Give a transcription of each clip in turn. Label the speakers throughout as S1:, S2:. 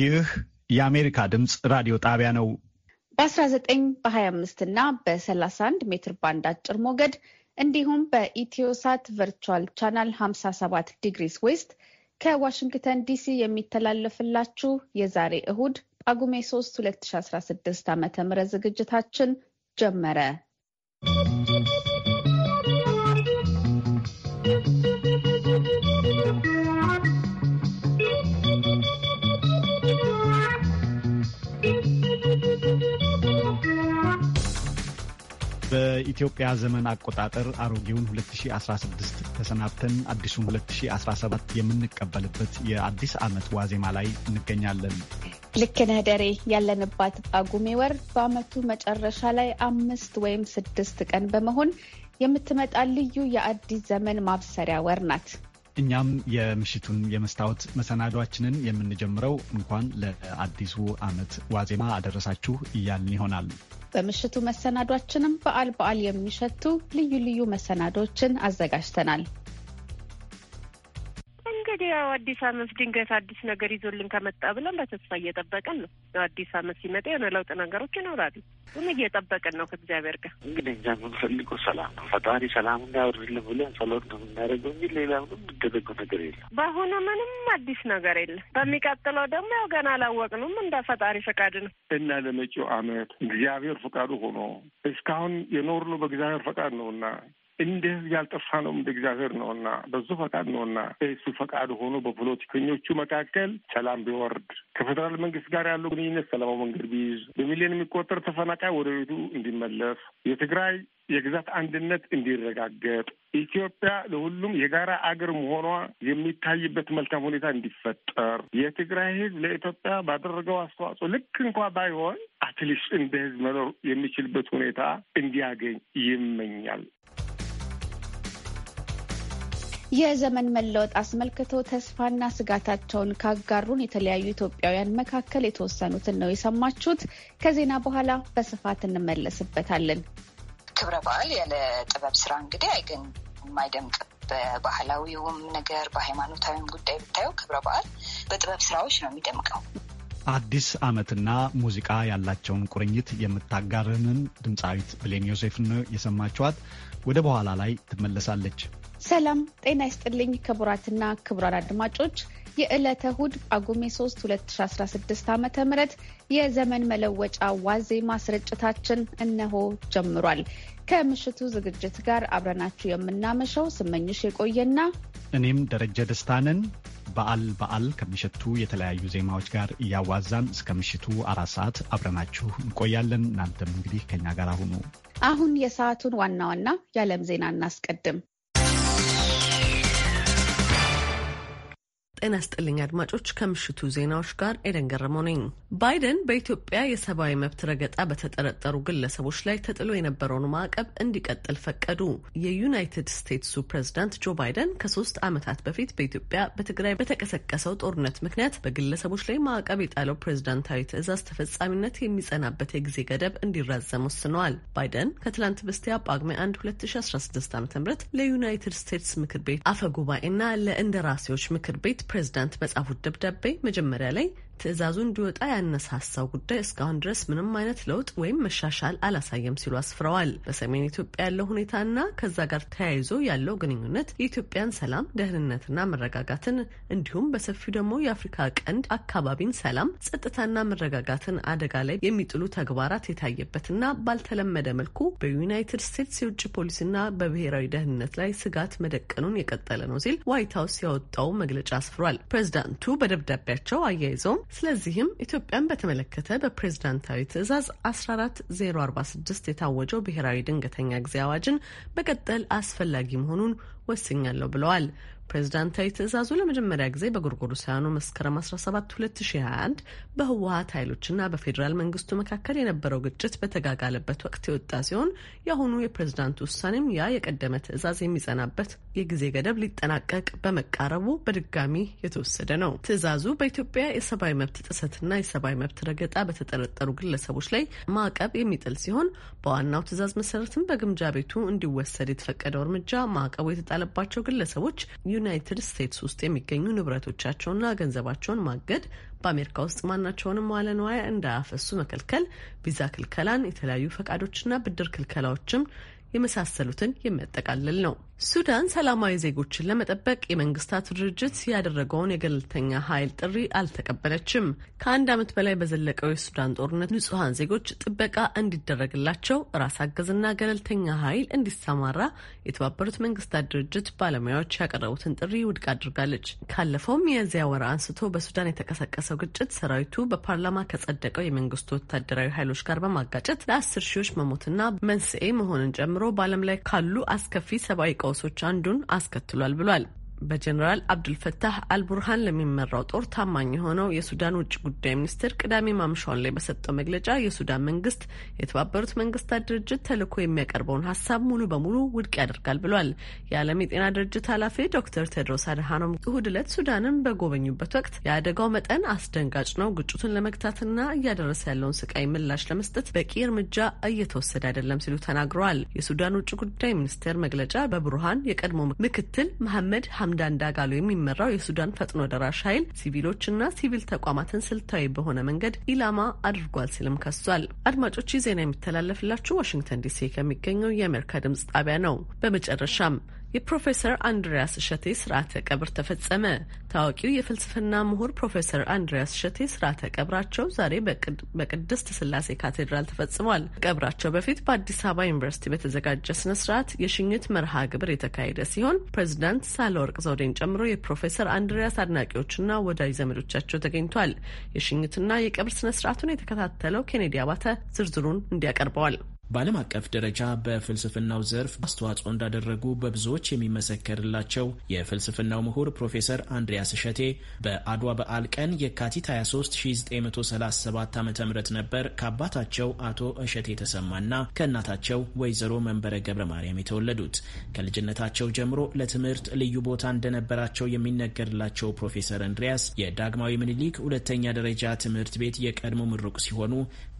S1: ይህ የአሜሪካ ድምፅ ራዲዮ ጣቢያ ነው።
S2: በ19 በ25 እና በ31 ሜትር ባንድ አጭር ሞገድ እንዲሁም በኢትዮሳት ቨርቹዋል ቻናል 57 ዲግሪስ ዌስት ከዋሽንግተን ዲሲ የሚተላለፍላችሁ የዛሬ እሁድ ጳጉሜ 3 2016 ዓ ም ዝግጅታችን ጀመረ።
S1: በኢትዮጵያ ዘመን አቆጣጠር አሮጌውን 2016 ተሰናብተን አዲሱን 2017 የምንቀበልበት የአዲስ ዓመት ዋዜማ ላይ እንገኛለን።
S2: ልክ ነህ ደሬ። ያለንባት ጳጉሜ ወር በአመቱ መጨረሻ ላይ አምስት ወይም ስድስት ቀን በመሆን የምትመጣ ልዩ የአዲስ ዘመን ማብሰሪያ ወር ናት።
S1: እኛም የምሽቱን የመስታወት መሰናዷችንን የምንጀምረው እንኳን ለአዲሱ ዓመት ዋዜማ አደረሳችሁ እያልን ይሆናል።
S2: በምሽቱ መሰናዷችንም በዓል በዓል የሚሸቱ ልዩ ልዩ መሰናዶችን አዘጋጅተናል።
S3: እንግዲህ ያው አዲስ አመት ድንገት አዲስ ነገር ይዞልን ከመጣ ብለን በተስፋ እየጠበቅን ነው። ያው አዲስ አመት ሲመጣ የሆነ ለውጥ ነገሮች ይኖራሉ። ግን እየጠበቅን ነው ከእግዚአብሔር ጋር። እንግዲህ እኛ
S4: የምንፈልገው ሰላም ነው። ፈጣሪ ሰላም እንዳያወርድልን ብለን ጸሎት ነው የምናደርገው እንጂ
S5: ሌላ ምንም የሚደረገው ነገር የለም።
S3: በአሁኑ ምንም አዲስ ነገር የለም። በሚቀጥለው ደግሞ ያው ገና አላወቅንም። እንደ ፈጣሪ ፈቃድ ነው
S5: እና ለመጪው አመት እግዚአብሔር ፈቃዱ ሆኖ እስካሁን የኖርነው በእግዚአብሔር ፈቃድ ነው እና እንደ ያልጠፋ ነው እንደ እግዚአብሔር ነውና በዙ ፈቃድ ነውና እሱ ፈቃድ ሆኖ በፖለቲከኞቹ መካከል ሰላም ቢወርድ ከፌዴራል መንግስት ጋር ያለው ግንኙነት ሰላማዊ መንገድ ቢይዝ በሚሊዮን የሚቆጠር ተፈናቃይ ወደ ቤቱ እንዲመለስ የትግራይ የግዛት አንድነት እንዲረጋገጥ ኢትዮጵያ ለሁሉም የጋራ አገር መሆኗ የሚታይበት መልካም ሁኔታ እንዲፈጠር የትግራይ ህዝብ ለኢትዮጵያ ባደረገው አስተዋጽኦ ልክ እንኳ ባይሆን አትሊስት እንደ ህዝብ መኖር የሚችልበት ሁኔታ እንዲያገኝ ይመኛል።
S2: የዘመን መለወጥ አስመልክቶ ተስፋና ስጋታቸውን ካጋሩን የተለያዩ ኢትዮጵያውያን መካከል የተወሰኑትን ነው የሰማችሁት። ከዜና በኋላ በስፋት እንመለስበታለን።
S6: ክብረ በዓል ያለ ጥበብ ስራ እንግዲህ አይገን የማይደምቅ በባህላዊውም ነገር በሃይማኖታዊም ጉዳይ ብታየው ክብረ በዓል በጥበብ ስራዎች ነው የሚደምቀው።
S1: አዲስ ዓመትና ሙዚቃ ያላቸውን ቁርኝት የምታጋርንን ድምፃዊት ብሌን ዮሴፍን የሰማችኋት ወደ በኋላ ላይ ትመለሳለች።
S2: ሰላም ጤና ይስጥልኝ ክቡራትና ክቡራን አድማጮች የዕለተ እሁድ ጳጉሜ 3 2016 ዓ ም የዘመን መለወጫ ዋዜማ ስርጭታችን እነሆ ጀምሯል። ከምሽቱ ዝግጅት ጋር አብረናችሁ የምናመሸው ስመኝሽ የቆየና
S1: እኔም ደረጀ ደስታንን በዓል በዓል ከምሽቱ የተለያዩ ዜማዎች ጋር እያዋዛን እስከ ምሽቱ አራት ሰዓት አብረናችሁ እንቆያለን። እናንተም እንግዲህ ከኛ ጋር አሁኑ።
S2: አሁን የሰዓቱን ዋና ዋና የዓለም ዜና እናስቀድም።
S7: ጤና ስጥልኝ አድማጮች፣ ከምሽቱ ዜናዎች ጋር ኤደን ገረመው ነኝ። ባይደን በኢትዮጵያ የሰብአዊ መብት ረገጣ በተጠረጠሩ ግለሰቦች ላይ ተጥሎ የነበረውን ማዕቀብ እንዲቀጥል ፈቀዱ። የዩናይትድ ስቴትሱ ፕሬዝዳንት ጆ ባይደን ከሶስት ዓመታት በፊት በኢትዮጵያ በትግራይ በተቀሰቀሰው ጦርነት ምክንያት በግለሰቦች ላይ ማዕቀብ የጣለው ፕሬዝዳንታዊ ትዕዛዝ ተፈጻሚነት የሚጸናበት የጊዜ ገደብ እንዲራዘም ወስነዋል። ባይደን ከትላንት በስቲያ ጳጉሜ 1 2016 ዓ ም ለዩናይትድ ስቴትስ ምክር ቤት አፈጉባኤና ለእንደራሴዎች ምክር ቤት ፕሬዝዳንት በጻፉት ደብዳቤ መጀመሪያ ላይ ትዕዛዙ እንዲወጣ ያነሳሳው ጉዳይ እስካሁን ድረስ ምንም አይነት ለውጥ ወይም መሻሻል አላሳየም ሲሉ አስፍረዋል። በሰሜን ኢትዮጵያ ያለው ሁኔታና ከዛ ጋር ተያይዞ ያለው ግንኙነት የኢትዮጵያን ሰላም፣ ደህንነትና መረጋጋትን እንዲሁም በሰፊው ደግሞ የአፍሪካ ቀንድ አካባቢን ሰላም፣ ጸጥታና መረጋጋትን አደጋ ላይ የሚጥሉ ተግባራት የታየበትና ባልተለመደ መልኩ በዩናይትድ ስቴትስ የውጭ ፖሊሲና በብሔራዊ ደህንነት ላይ ስጋት መደቀኑን የቀጠለ ነው ሲል ዋይት ሀውስ ያወጣው መግለጫ አስፍሯል። ፕሬዚዳንቱ በደብዳቤያቸው አያይዘውም ስለዚህም ኢትዮጵያን በተመለከተ በፕሬዝዳንታዊ ትዕዛዝ 14046 የታወጀው ብሔራዊ ድንገተኛ ጊዜ አዋጅን መቀጠል አስፈላጊ መሆኑን ወስኛለሁ ብለዋል። ፕሬዝዳንታዊ ትእዛዙ ለመጀመሪያ ጊዜ በጎርጎሮሳውያኑ መስከረም 17 2021 በህወሀት ኃይሎችና በፌዴራል መንግስቱ መካከል የነበረው ግጭት በተጋጋለበት ወቅት የወጣ ሲሆን የአሁኑ የፕሬዚዳንቱ ውሳኔም ያ የቀደመ ትእዛዝ የሚጸናበት የጊዜ ገደብ ሊጠናቀቅ በመቃረቡ በድጋሚ የተወሰደ ነው። ትእዛዙ በኢትዮጵያ የሰብአዊ መብት ጥሰትና የሰብአዊ መብት ረገጣ በተጠረጠሩ ግለሰቦች ላይ ማዕቀብ የሚጥል ሲሆን በዋናው ትእዛዝ መሰረትም በግምጃ ቤቱ እንዲወሰድ የተፈቀደው እርምጃ ማዕቀቡ የተጣለባቸው ግለሰቦች ዩናይትድ ስቴትስ ውስጥ የሚገኙ ንብረቶቻቸውና ገንዘባቸውን ማገድ፣ በአሜሪካ ውስጥ ማናቸውንም መዋለ ንዋይ እንዳያፈሱ መከልከል፣ ቪዛ ክልከላን፣ የተለያዩ ፈቃዶችና ብድር ክልከላዎችም የመሳሰሉትን የሚያጠቃልል ነው። ሱዳን ሰላማዊ ዜጎችን ለመጠበቅ የመንግስታቱ ድርጅት ያደረገውን የገለልተኛ ኃይል ጥሪ አልተቀበለችም። ከአንድ ዓመት በላይ በዘለቀው የሱዳን ጦርነት ንጹሐን ዜጎች ጥበቃ እንዲደረግላቸው ራስ አገዝና ገለልተኛ ኃይል እንዲሰማራ የተባበሩት መንግስታት ድርጅት ባለሙያዎች ያቀረቡትን ጥሪ ውድቅ አድርጋለች። ካለፈውም የዚያ ወር አንስቶ በሱዳን የተቀሰቀሰው ግጭት ሰራዊቱ በፓርላማ ከጸደቀው የመንግስቱ ወታደራዊ ኃይሎች ጋር በማጋጨት ለአስር ሺዎች መሞትና መንስኤ መሆንን ጨምሮ በዓለም ላይ ካሉ አስከፊ ሰብአዊ ቀ ቀውሶች አንዱን አስከትሏል ብሏል። በጀኔራል አብዱልፈታህ አልቡርሃን ለሚመራው ጦር ታማኝ የሆነው የሱዳን ውጭ ጉዳይ ሚኒስትር ቅዳሜ ማምሻውን ላይ በሰጠው መግለጫ የሱዳን መንግስት የተባበሩት መንግስታት ድርጅት ተልዕኮ የሚያቀርበውን ሀሳብ ሙሉ በሙሉ ውድቅ ያደርጋል ብሏል። የዓለም የጤና ድርጅት ኃላፊ ዶክተር ቴድሮስ አድሃኖም እሁድ ዕለት ሱዳንን በጎበኙበት ወቅት የአደጋው መጠን አስደንጋጭ ነው፣ ግጭቱን ለመግታትና እያደረሰ ያለውን ስቃይ ምላሽ ለመስጠት በቂ እርምጃ እየተወሰደ አይደለም ሲሉ ተናግረዋል። የሱዳን ውጭ ጉዳይ ሚኒስቴር መግለጫ በቡርሃን የቀድሞ ምክትል መሐመድ ሐምዳን ዳጋሎ የሚመራው የሱዳን ፈጥኖ ደራሽ ኃይል ሲቪሎችና ሲቪል ተቋማትን ስልታዊ በሆነ መንገድ ኢላማ አድርጓል ሲልም ከሷል። አድማጮች ዜና የሚተላለፍላችሁ ዋሽንግተን ዲሲ ከሚገኘው የአሜሪካ ድምጽ ጣቢያ ነው። በመጨረሻም የፕሮፌሰር አንድሪያስ እሸቴ ስርዓተ ቀብር ተፈጸመ። ታዋቂው የፍልስፍና ምሁር ፕሮፌሰር አንድሪያስ እሸቴ ስርዓተ ቀብራቸው ዛሬ በቅድስት ስላሴ ካቴድራል ተፈጽሟል። ቀብራቸው በፊት በአዲስ አበባ ዩኒቨርሲቲ በተዘጋጀ ስነ ስርዓት የሽኝት መርሃ ግብር የተካሄደ ሲሆን ፕሬዚዳንት ሳህለወርቅ ዘውዴን ጨምሮ የፕሮፌሰር አንድሪያስ አድናቂዎችና ወዳጅ ዘመዶቻቸው ተገኝቷል። የሽኝትና የቀብር ስነ ስርዓቱን የተከታተለው ኬኔዲ አባተ ዝርዝሩን እንዲያቀርበዋል። በዓለም አቀፍ
S8: ደረጃ በፍልስፍናው ዘርፍ አስተዋጽኦ እንዳደረጉ በብዙዎች የሚመሰከርላቸው የፍልስፍናው ምሁር ፕሮፌሰር አንድሪያስ እሸቴ በአድዋ በዓል ቀን የካቲት 23 1937 ዓ ም ነበር ከአባታቸው አቶ እሸቴ የተሰማና ከእናታቸው ወይዘሮ መንበረ ገብረ ማርያም የተወለዱት። ከልጅነታቸው ጀምሮ ለትምህርት ልዩ ቦታ እንደነበራቸው የሚነገርላቸው ፕሮፌሰር አንድሪያስ የዳግማዊ ምኒልክ ሁለተኛ ደረጃ ትምህርት ቤት የቀድሞ ምሩቅ ሲሆኑ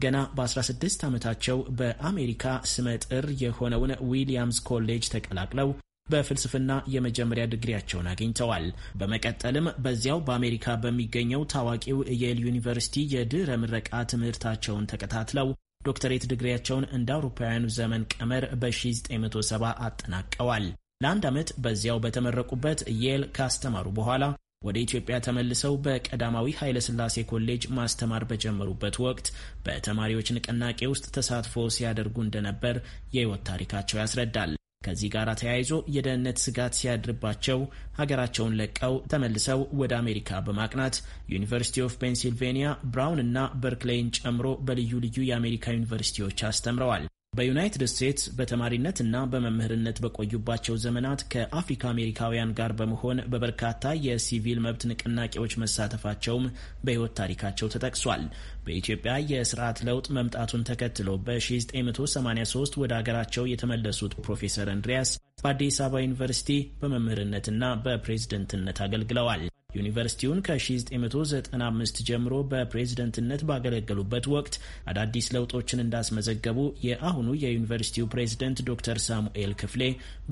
S8: ገና በ16 ዓመታቸው በአሜ አሜሪካ ስመጥር የሆነውን ዊሊያምስ ኮሌጅ ተቀላቅለው በፍልስፍና የመጀመሪያ ድግሪያቸውን አግኝተዋል። በመቀጠልም በዚያው በአሜሪካ በሚገኘው ታዋቂው የል ዩኒቨርሲቲ የድህረ ምረቃ ትምህርታቸውን ተከታትለው ዶክተሬት ድግሪያቸውን እንደ አውሮፓውያኑ ዘመን ቀመር በ1970 አጠናቀዋል። ለአንድ ዓመት በዚያው በተመረቁበት የል ካስተማሩ በኋላ ወደ ኢትዮጵያ ተመልሰው በቀዳማዊ ኃይለሥላሴ ኮሌጅ ማስተማር በጀመሩበት ወቅት በተማሪዎች ንቅናቄ ውስጥ ተሳትፎ ሲያደርጉ እንደነበር የሕይወት ታሪካቸው ያስረዳል። ከዚህ ጋር ተያይዞ የደህንነት ስጋት ሲያድርባቸው ሀገራቸውን ለቀው ተመልሰው ወደ አሜሪካ በማቅናት ዩኒቨርሲቲ ኦፍ ፔንሲልቬኒያ፣ ብራውን እና በርክሌይን ጨምሮ በልዩ ልዩ የአሜሪካ ዩኒቨርሲቲዎች አስተምረዋል። በዩናይትድ ስቴትስ በተማሪነትና በመምህርነት በቆዩባቸው ዘመናት ከአፍሪካ አሜሪካውያን ጋር በመሆን በበርካታ የሲቪል መብት ንቅናቄዎች መሳተፋቸውም በሕይወት ታሪካቸው ተጠቅሷል። በኢትዮጵያ የስርዓት ለውጥ መምጣቱን ተከትሎ በ1983 ወደ አገራቸው የተመለሱት ፕሮፌሰር እንድሪያስ በአዲስ አበባ ዩኒቨርሲቲ በመምህርነትና በፕሬዝደንትነት አገልግለዋል። ዩኒቨርሲቲውን ከ1995 ጀምሮ በፕሬዝደንትነት ባገለገሉበት ወቅት አዳዲስ ለውጦችን እንዳስመዘገቡ የአሁኑ የዩኒቨርሲቲው ፕሬዝደንት ዶክተር ሳሙኤል ክፍሌ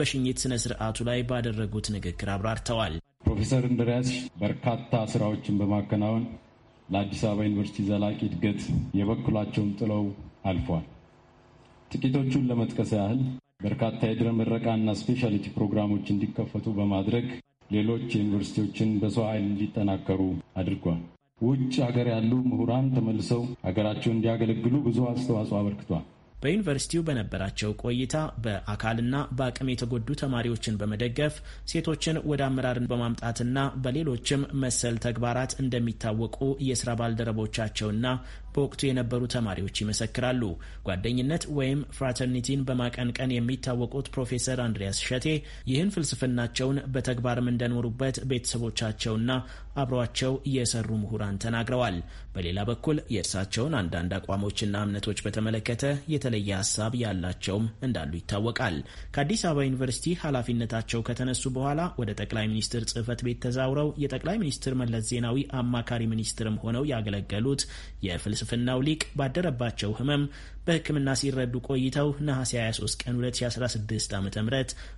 S8: በሽኝት ስነ ስርዓቱ ላይ ባደረጉት ንግግር
S9: አብራርተዋል። ፕሮፌሰር እንድሪያስ በርካታ ስራዎችን በማከናወን ለአዲስ አበባ ዩኒቨርሲቲ ዘላቂ እድገት የበኩላቸውን ጥለው አልፏል። ጥቂቶቹን ለመጥቀስ ያህል በርካታ የድረ ምረቃና ስፔሻሊቲ ፕሮግራሞች እንዲከፈቱ በማድረግ ሌሎች ዩኒቨርሲቲዎችን በሰው ኃይል እንዲጠናከሩ አድርጓል። ውጭ ሀገር ያሉ ምሁራን ተመልሰው ሀገራቸውን እንዲያገለግሉ ብዙ አስተዋጽኦ አበርክቷል።
S8: በዩኒቨርሲቲው በነበራቸው ቆይታ በአካልና በአቅም የተጎዱ ተማሪዎችን በመደገፍ ሴቶችን ወደ አመራርን በማምጣትና በሌሎችም መሰል ተግባራት እንደሚታወቁ የስራ ባልደረቦቻቸውና በወቅቱ የነበሩ ተማሪዎች ይመሰክራሉ። ጓደኝነት ወይም ፍራተርኒቲን በማቀንቀን የሚታወቁት ፕሮፌሰር አንድሪያስ ሸቴ ይህን ፍልስፍናቸውን በተግባርም እንደኖሩበት ቤተሰቦቻቸውና አብሯቸው የሰሩ ምሁራን ተናግረዋል። በሌላ በኩል የእርሳቸውን አንዳንድ አቋሞችና እምነቶች በተመለከተ የተለየ ሀሳብ ያላቸውም እንዳሉ ይታወቃል። ከአዲስ አበባ ዩኒቨርሲቲ ኃላፊነታቸው ከተነሱ በኋላ ወደ ጠቅላይ ሚኒስትር ጽህፈት ቤት ተዛውረው የጠቅላይ ሚኒስትር መለስ ዜናዊ አማካሪ ሚኒስትርም ሆነው ያገለገሉት የፍልስ የፍልስፍናው ሊቅ ባደረባቸው ህመም በሕክምና ሲረዱ ቆይተው ነሐሴ 23 ቀን 2016 ዓ ም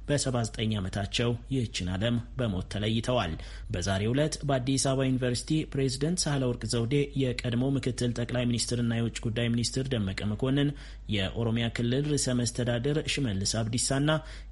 S8: በ79 ዓመታቸው ይህችን ዓለም በሞት ተለይተዋል። በዛሬው ዕለት በአዲስ አበባ ዩኒቨርሲቲ ፕሬዝደንት ወርቅ ዘውዴ፣ የቀድሞ ምክትል ጠቅላይ ሚኒስትርና የውጭ ጉዳይ ሚኒስትር ደመቀ መኮንን፣ የኦሮሚያ ክልል ርዕሰ መስተዳድር ሽመልስ አብዲሳና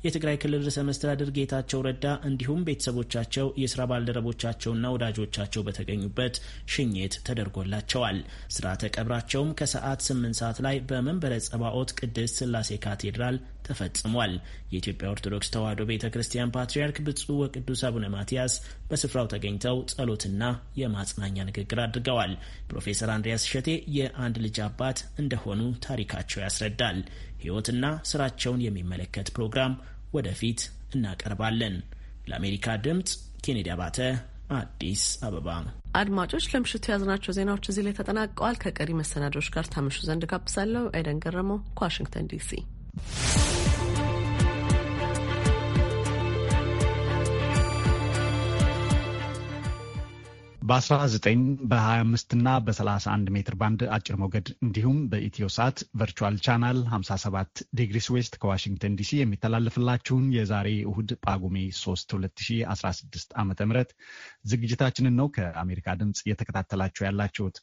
S8: የትግራይ ክልል ርዕሰ መስተዳድር ጌታቸው ረዳ እንዲሁም ቤተሰቦቻቸው፣ የስራ ባልደረቦቻቸውና ወዳጆቻቸው በተገኙበት ሽኝት ተደርጎላቸዋል። ስርዓተ ቀብራቸውም ከሰዓት 8 ሰዓት ላይ በ በመንበረ ጸባኦት ቅድስት ስላሴ ካቴድራል ተፈጽሟል። የኢትዮጵያ ኦርቶዶክስ ተዋሕዶ ቤተ ክርስቲያን ፓትርያርክ ብፁዕ ወቅዱስ አቡነ ማትያስ በስፍራው ተገኝተው ጸሎትና የማጽናኛ ንግግር አድርገዋል። ፕሮፌሰር አንድሪያስ እሸቴ የአንድ ልጅ አባት እንደሆኑ ታሪካቸው ያስረዳል። ሕይወትና ስራቸውን የሚመለከት ፕሮግራም ወደፊት እናቀርባለን። ለአሜሪካ ድምፅ ኬኔዲ አባተ አዲስ አበባ።
S7: አድማጮች ለምሽቱ የያዝናቸው ዜናዎች እዚህ ላይ ተጠናቀዋል። ከቀሪ መሰናዶች ጋር ታምሹ ዘንድ ጋብዛለሁ። ኤደን ገረመው ከዋሽንግተን ዲሲ
S1: በ19 በ25 እና በ31 ሜትር ባንድ አጭር ሞገድ እንዲሁም በኢትዮ ሰዓት ቨርቹዋል ቻናል 57 ዲግሪስ ዌስት ከዋሽንግተን ዲሲ የሚተላለፍላችሁን የዛሬ እሁድ ጳጉሜ 3 2016 ዓ ም ዝግጅታችንን ነው ከአሜሪካ ድምፅ እየተከታተላችሁ ያላችሁት።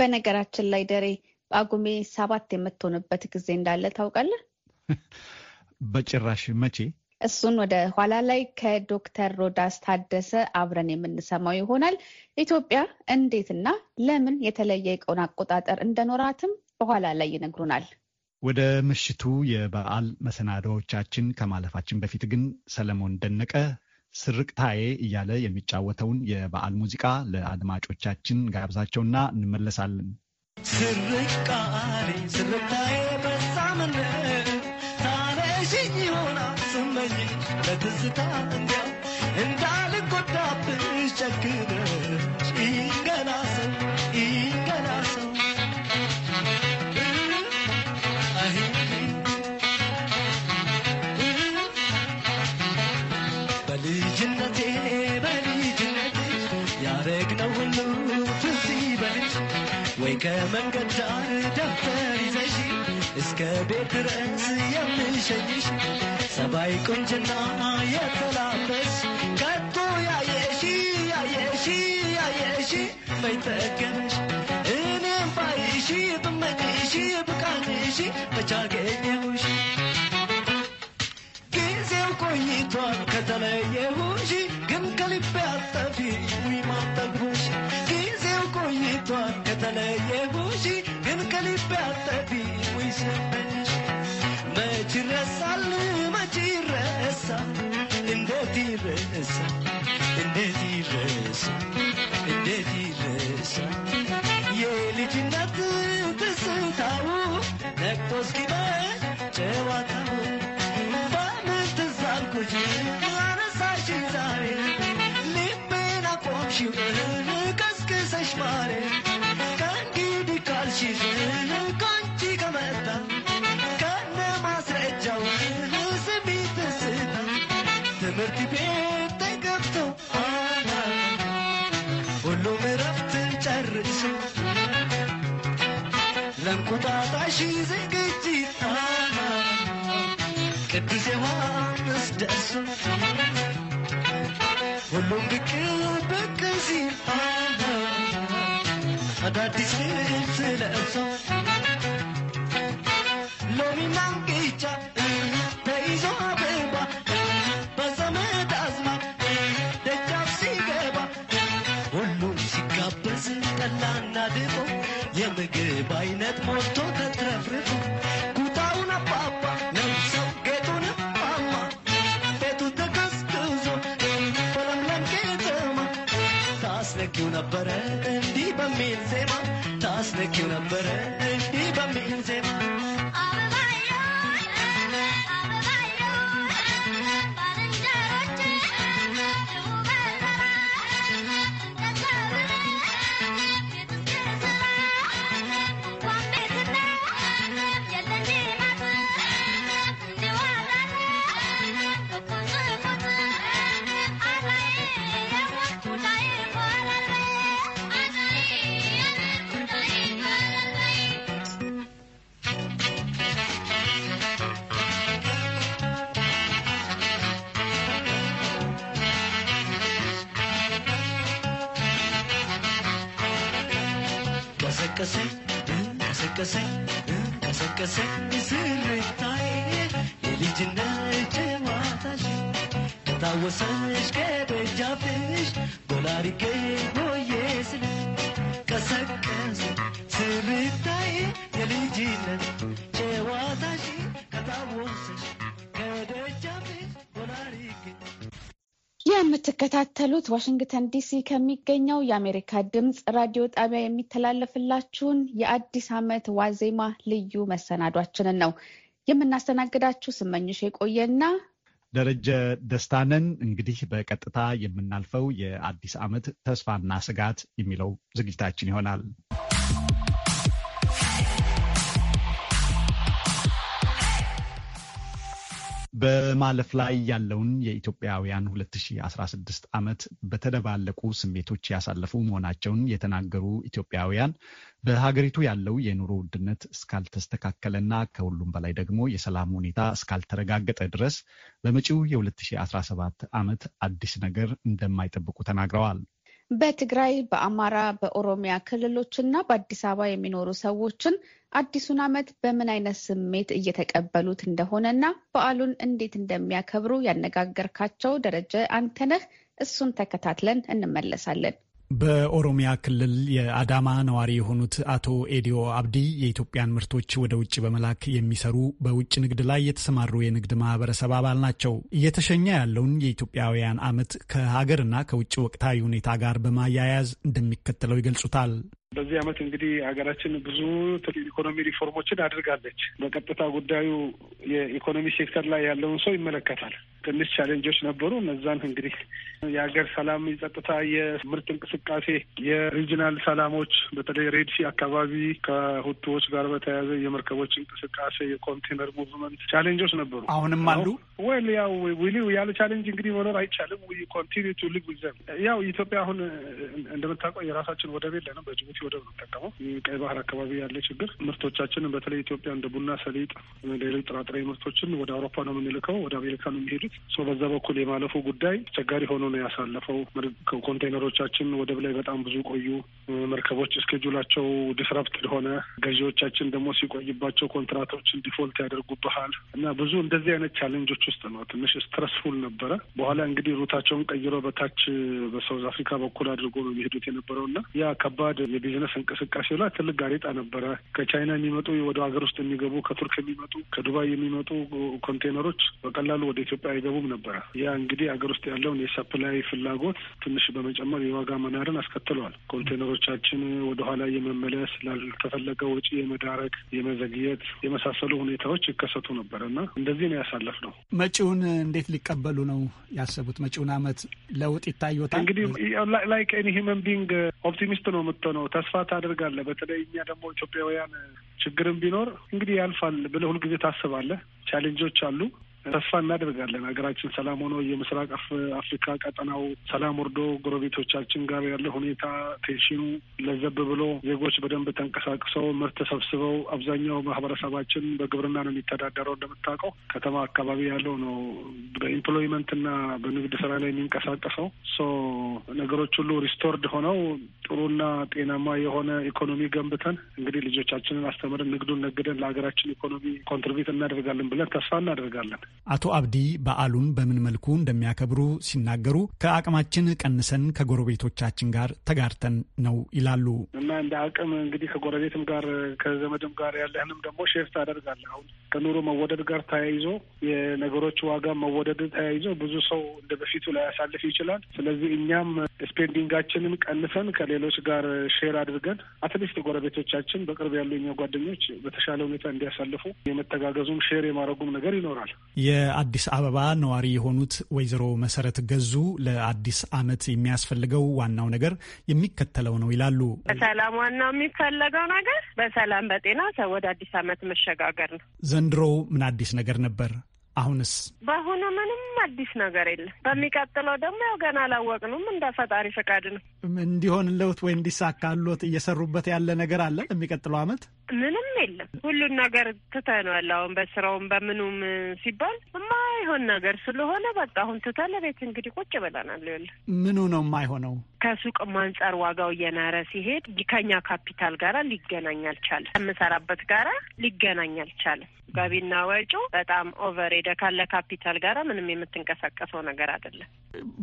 S2: በነገራችን ላይ ደሬ ጳጉሜ ሰባት የምትሆንበት ጊዜ እንዳለ ታውቃለህ?
S1: በጭራሽ መቼ?
S2: እሱን ወደ ኋላ ላይ ከዶክተር ሮዳስ ታደሰ አብረን የምንሰማው ይሆናል። ኢትዮጵያ እንዴትና ለምን የተለየ የቀን አቆጣጠር እንደኖራትም በኋላ ላይ ይነግሩናል።
S1: ወደ ምሽቱ የበዓል መሰናዶዎቻችን ከማለፋችን በፊት ግን ሰለሞን ደነቀ ስርቅታዬ እያለ የሚጫወተውን የበዓል ሙዚቃ ለአድማጮቻችን ጋብዛቸውና እንመለሳለን።
S10: ስርቃሪ ስርቅታዬ በሳምን ታነሽኝ ይሆናል ነኝ ለትዝታ እንዲያ እንዳልጎዳብሽ ጨክነሽ ገና ሰው ገና ሰው በልጅነቴ በልጅነቴ ያረግነው ሁሉ ትዝ ይበልሽ ወይ ከመንገድ ዳር ደብተር ይዘሽ እስከ ቤት ድረስ የምሸኝሽ ሰባይ ቁንጅና የተላበሽ ከቶ ያየሺ ያየሺ ያየሺ በይተገነሽ እኔም ባይሺ ብመቅሺ ብቃትሺ በቻገኘሁሽ ጊዜው ቆይቷል ከተለየሁሽ ግን ከልቤ አጠፊ ማጠግሽ ጊዜው ቆይቷል ከተለየሁሽ ግን ከልቤ አጠፊ ወይ ሰበሽ መች ረሳለሁ እንዴት ይረሳ እንዴት ይረሳ እንቁጣጣሽን ዝግጅት ቅዱስ ዮሐንስ ደሱ ሁሉም ብቅ ብቅ ሲል አዳዲስ ልብስ ለብሶ በአይነት አይነት ሞልቶ ተትረፍርፍ ጉታውን አባባ ነብሰው ጌጡን ማማ ቤቱ ተቀዝቅዞ በለምለም ከተማ ታስነኪው ነበረ እንዲህ በሚል ዜማ ታስነኪው ነበረ ቀሰቀሰኝ ቀሰቀሰኝ ቀሰቀሰኝ ስርታዬ የልጅነት ጨዋታሽ ከታወሰሽ ከደጃፍሽ ጎላሪጌ ሆዬ
S2: የምትከታተሉት ዋሽንግተን ዲሲ ከሚገኘው የአሜሪካ ድምፅ ራዲዮ ጣቢያ የሚተላለፍላችሁን የአዲስ ዓመት ዋዜማ ልዩ መሰናዷችንን ነው የምናስተናግዳችሁ። ስመኝሽ የቆየና
S1: ደረጀ ደስታንን። እንግዲህ በቀጥታ የምናልፈው የአዲስ ዓመት ተስፋና ስጋት የሚለው ዝግጅታችን ይሆናል። በማለፍ ላይ ያለውን የኢትዮጵያውያን 2016 ዓመት በተደባለቁ ስሜቶች ያሳለፉ መሆናቸውን የተናገሩ ኢትዮጵያውያን በሀገሪቱ ያለው የኑሮ ውድነት እስካልተስተካከለና ከሁሉም በላይ ደግሞ የሰላም ሁኔታ እስካልተረጋገጠ ድረስ በመጪው የ2017 ዓመት አዲስ ነገር እንደማይጠብቁ ተናግረዋል።
S2: በትግራይ በአማራ በኦሮሚያ ክልሎችና በአዲስ አበባ የሚኖሩ ሰዎችን አዲሱን ዓመት በምን አይነት ስሜት እየተቀበሉት እንደሆነና በዓሉን እንዴት እንደሚያከብሩ ያነጋገርካቸው ደረጀ አንተነህ እሱን ተከታትለን እንመለሳለን።
S1: በኦሮሚያ ክልል የአዳማ ነዋሪ የሆኑት አቶ ኤዲዮ አብዲ የኢትዮጵያን ምርቶች ወደ ውጭ በመላክ የሚሰሩ በውጭ ንግድ ላይ የተሰማሩ የንግድ ማህበረሰብ አባል ናቸው። እየተሸኘ ያለውን የኢትዮጵያውያን ዓመት ከሀገርና ከውጭ ወቅታዊ ሁኔታ ጋር በማያያዝ እንደሚከተለው ይገልጹታል።
S11: በዚህ ዓመት እንግዲህ ሀገራችን ብዙ ኢኮኖሚ ሪፎርሞችን አድርጋለች። በቀጥታ ጉዳዩ የኢኮኖሚ ሴክተር ላይ ያለውን ሰው ይመለከታል። ትንሽ ቻሌንጆች ነበሩ። እነዛን እንግዲህ የሀገር ሰላም፣ የጸጥታ፣ የምርት እንቅስቃሴ፣ የሪጅናል ሰላሞች በተለይ ሬድሲ አካባቢ ከሁቱዎች ጋር በተያያዘ የመርከቦች እንቅስቃሴ፣ የኮንቴነር ሙቭመንት ቻሌንጆች ነበሩ። አሁንም አሉ። ወይ? ያው ዊሊ ያለ ቻሌንጅ እንግዲህ መኖር አይቻልም። ዊ ቱ ሊቭ ዊዘም። ያው ኢትዮጵያ አሁን እንደምታውቀው የራሳችን ወደብ የለንም በጅቡቲ ወደብ ነው የምንጠቀመው። ቀይ ባህር አካባቢ ያለ ችግር ምርቶቻችንን በተለይ ኢትዮጵያ እንደ ቡና፣ ሰሊጥ፣ ሌሎች ጥራጥሬ ምርቶችን ወደ አውሮፓ ነው የምንልከው፣ ወደ አሜሪካ ነው የሚሄዱት። በዛ በኩል የማለፉ ጉዳይ አስቸጋሪ ሆኖ ነው ያሳለፈው። ኮንቴይነሮቻችን ወደብ ላይ በጣም ብዙ ቆዩ። መርከቦች እስኬጁላቸው ዲስራፕትድ ሆነ። ገዢዎቻችን ደግሞ ሲቆይባቸው ኮንትራቶችን ዲፎልት ያደርጉብሃል እና ብዙ እንደዚህ አይነት ቻሌንጆች ውስጥ ነው ትንሽ ስትረስፉል ነበረ። በኋላ እንግዲህ ሩታቸውን ቀይሮ በታች በሳውዝ አፍሪካ በኩል አድርጎ ነው የሚሄዱት የነበረው እና ያ ከባድ የቢ የቢዝነስ እንቅስቃሴ ላይ ትልቅ ጋሬጣ ነበረ። ከቻይና የሚመጡ ወደ ሀገር ውስጥ የሚገቡ ከቱርክ የሚመጡ ከዱባይ የሚመጡ ኮንቴነሮች በቀላሉ ወደ ኢትዮጵያ አይገቡም ነበረ። ያ እንግዲህ ሀገር ውስጥ ያለውን የሰፕላይ ፍላጎት ትንሽ በመጨመር የዋጋ መናርን አስከትለዋል። ኮንቴነሮቻችን ወደኋላ የመመለስ ላልተፈለገ ወጪ የመዳረግ የመዘግየት የመሳሰሉ ሁኔታዎች ይከሰቱ ነበረ እና እንደዚህ ነው ያሳለፍ ነው።
S1: መጪውን እንዴት ሊቀበሉ ነው ያሰቡት? መጪውን አመት ለውጥ ይታዩታል? እንግዲህ
S11: ላይክ ኤኒ ሂመን ቢንግ ኦፕቲሚስት ነው የምትሆነው። ተስፋ ታደርጋለህ። በተለይ እኛ ደግሞ ኢትዮጵያውያን ችግርም ቢኖር እንግዲህ ያልፋል ብለህ ሁልጊዜ ታስባለህ። ቻሌንጆች አሉ። ተስፋ እናደርጋለን ሀገራችን ሰላም ሆኖ የምስራቅ አፍሪካ ቀጠናው ሰላም ወርዶ ጎረቤቶቻችን ጋር ያለ ሁኔታ ቴንሽኑ ለዘብ ብሎ ዜጎች በደንብ ተንቀሳቅሰው ምርት ተሰብስበው አብዛኛው ማህበረሰባችን በግብርና ነው የሚተዳደረው። እንደምታውቀው ከተማ አካባቢ ያለው ነው በኢምፕሎይመንትና በንግድ ስራ ላይ የሚንቀሳቀሰው። ሶ ነገሮች ሁሉ ሪስቶርድ ሆነው ጥሩና ጤናማ የሆነ ኢኮኖሚ ገንብተን እንግዲህ ልጆቻችንን አስተምረን ንግዱን ነግደን ለሀገራችን ኢኮኖሚ ኮንትሪቢዩት እናደርጋለን ብለን ተስፋ እናደርጋለን።
S1: አቶ አብዲ በዓሉን በምን መልኩ እንደሚያከብሩ ሲናገሩ ከአቅማችን ቀንሰን ከጎረቤቶቻችን ጋር ተጋርተን ነው ይላሉ።
S11: እና እንደ አቅም እንግዲህ ከጎረቤትም ጋር ከዘመድም ጋር ያለህንም ደግሞ ሼፍ ታደርጋለህ። አሁን ከኑሮ መወደድ ጋር ተያይዞ የነገሮች ዋጋ መወደድ ተያይዞ ብዙ ሰው እንደ በፊቱ ላያሳልፍ ይችላል። ስለዚህ እኛም ስፔንዲንጋችንን ቀንሰን ከሌሎች ጋር ሼር አድርገን አትሊስት ጎረቤቶቻችን በቅርብ ያሉ የኛ ጓደኞች በተሻለ ሁኔታ እንዲያሳልፉ የመተጋገዙም ሼር የማድረጉም ነገር ይኖራል።
S1: የአዲስ አበባ ነዋሪ የሆኑት ወይዘሮ መሰረት ገዙ ለአዲስ ዓመት የሚያስፈልገው ዋናው ነገር የሚከተለው ነው ይላሉ። በሰላም
S3: ዋናው የሚፈለገው ነገር በሰላም በጤና ወደ አዲስ ዓመት መሸጋገር ነው።
S1: ዘንድሮ ምን አዲስ ነገር ነበር? አሁንስ
S3: በአሁኑ ምንም አዲስ ነገር የለም። በሚቀጥለው ደግሞ ያው ገና አላወቅንም፣
S1: እንደ ፈጣሪ ፈቃድ ነው። እንዲሆንልዎት ወይ እንዲሳካልዎት እየሰሩበት ያለ ነገር አለ በሚቀጥለው አመት?
S3: ምንም የለም። ሁሉን ነገር ትተነዋል። አሁን በስራውም በምኑም ሲባል የማይሆን ነገር ስለሆነ በቃ አሁን ትተን ቤት እንግዲህ ቁጭ ብለናል። ይኸውልህ
S1: ምኑ ነው የማይሆነው?
S3: ከሱቅም አንጻር ዋጋው እየናረ ሲሄድ ከኛ ካፒታል ጋራ ሊገናኝ አልቻለም። ከምሰራበት ጋራ ሊገናኝ አልቻለም። ገቢና ወጪ በጣም ኦቨር ሄደ። ካለ ካፒታል ጋራ ምንም የምትንቀሳቀሰው ነገር አይደለም።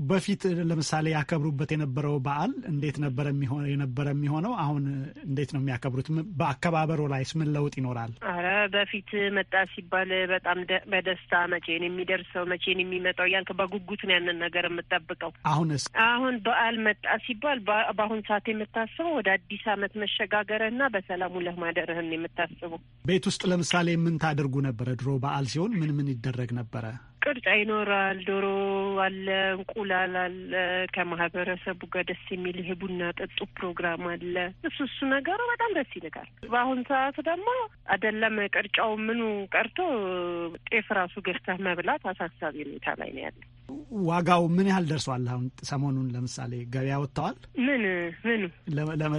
S1: በፊት ለምሳሌ ያከብሩበት የነበረው በዓል እንዴት ነበረ የነበረ የሚሆነው? አሁን እንዴት ነው የሚያከብሩት? በአከባበሩ ላይስ ምን ለውጥ ይኖራል?
S3: አረ በፊት መጣ ሲባል በጣም በደስታ መቼን የሚደርሰው መቼን የሚመጣው እያልክ በጉጉት ነው ያንን ነገር የምጠብቀው። አሁንስ አሁን በዓል መጣ ሲባል በአሁን ሰዓት የምታስበው ወደ አዲስ ዓመት መሸጋገርህና በሰላሙ ለማደርህን የምታስበው
S1: ቤት ውስጥ ለምሳሌ ምን ያደርጉ ነበረ? ድሮ በዓል ሲሆን ምን ምን ይደረግ ነበረ?
S3: ቅርጫ ይኖራል፣ ዶሮ አለ፣ እንቁላል አለ። ከማህበረሰቡ ጋር ደስ የሚል ይሄ ቡና ጠጡ ፕሮግራም አለ። እሱ እሱ ነገሩ በጣም ደስ ይልጋል። በአሁን ሰዓት ደግሞ አይደለም ቅርጫው ምኑ ቀርቶ ጤፍ ራሱ ገዝተህ መብላት አሳሳቢ ሁኔታ ላይ ነው ያለ።
S1: ዋጋው ምን ያህል ደርሷል? አሁን ሰሞኑን ለምሳሌ ገበያ ወጥተዋል። ምን ምኑ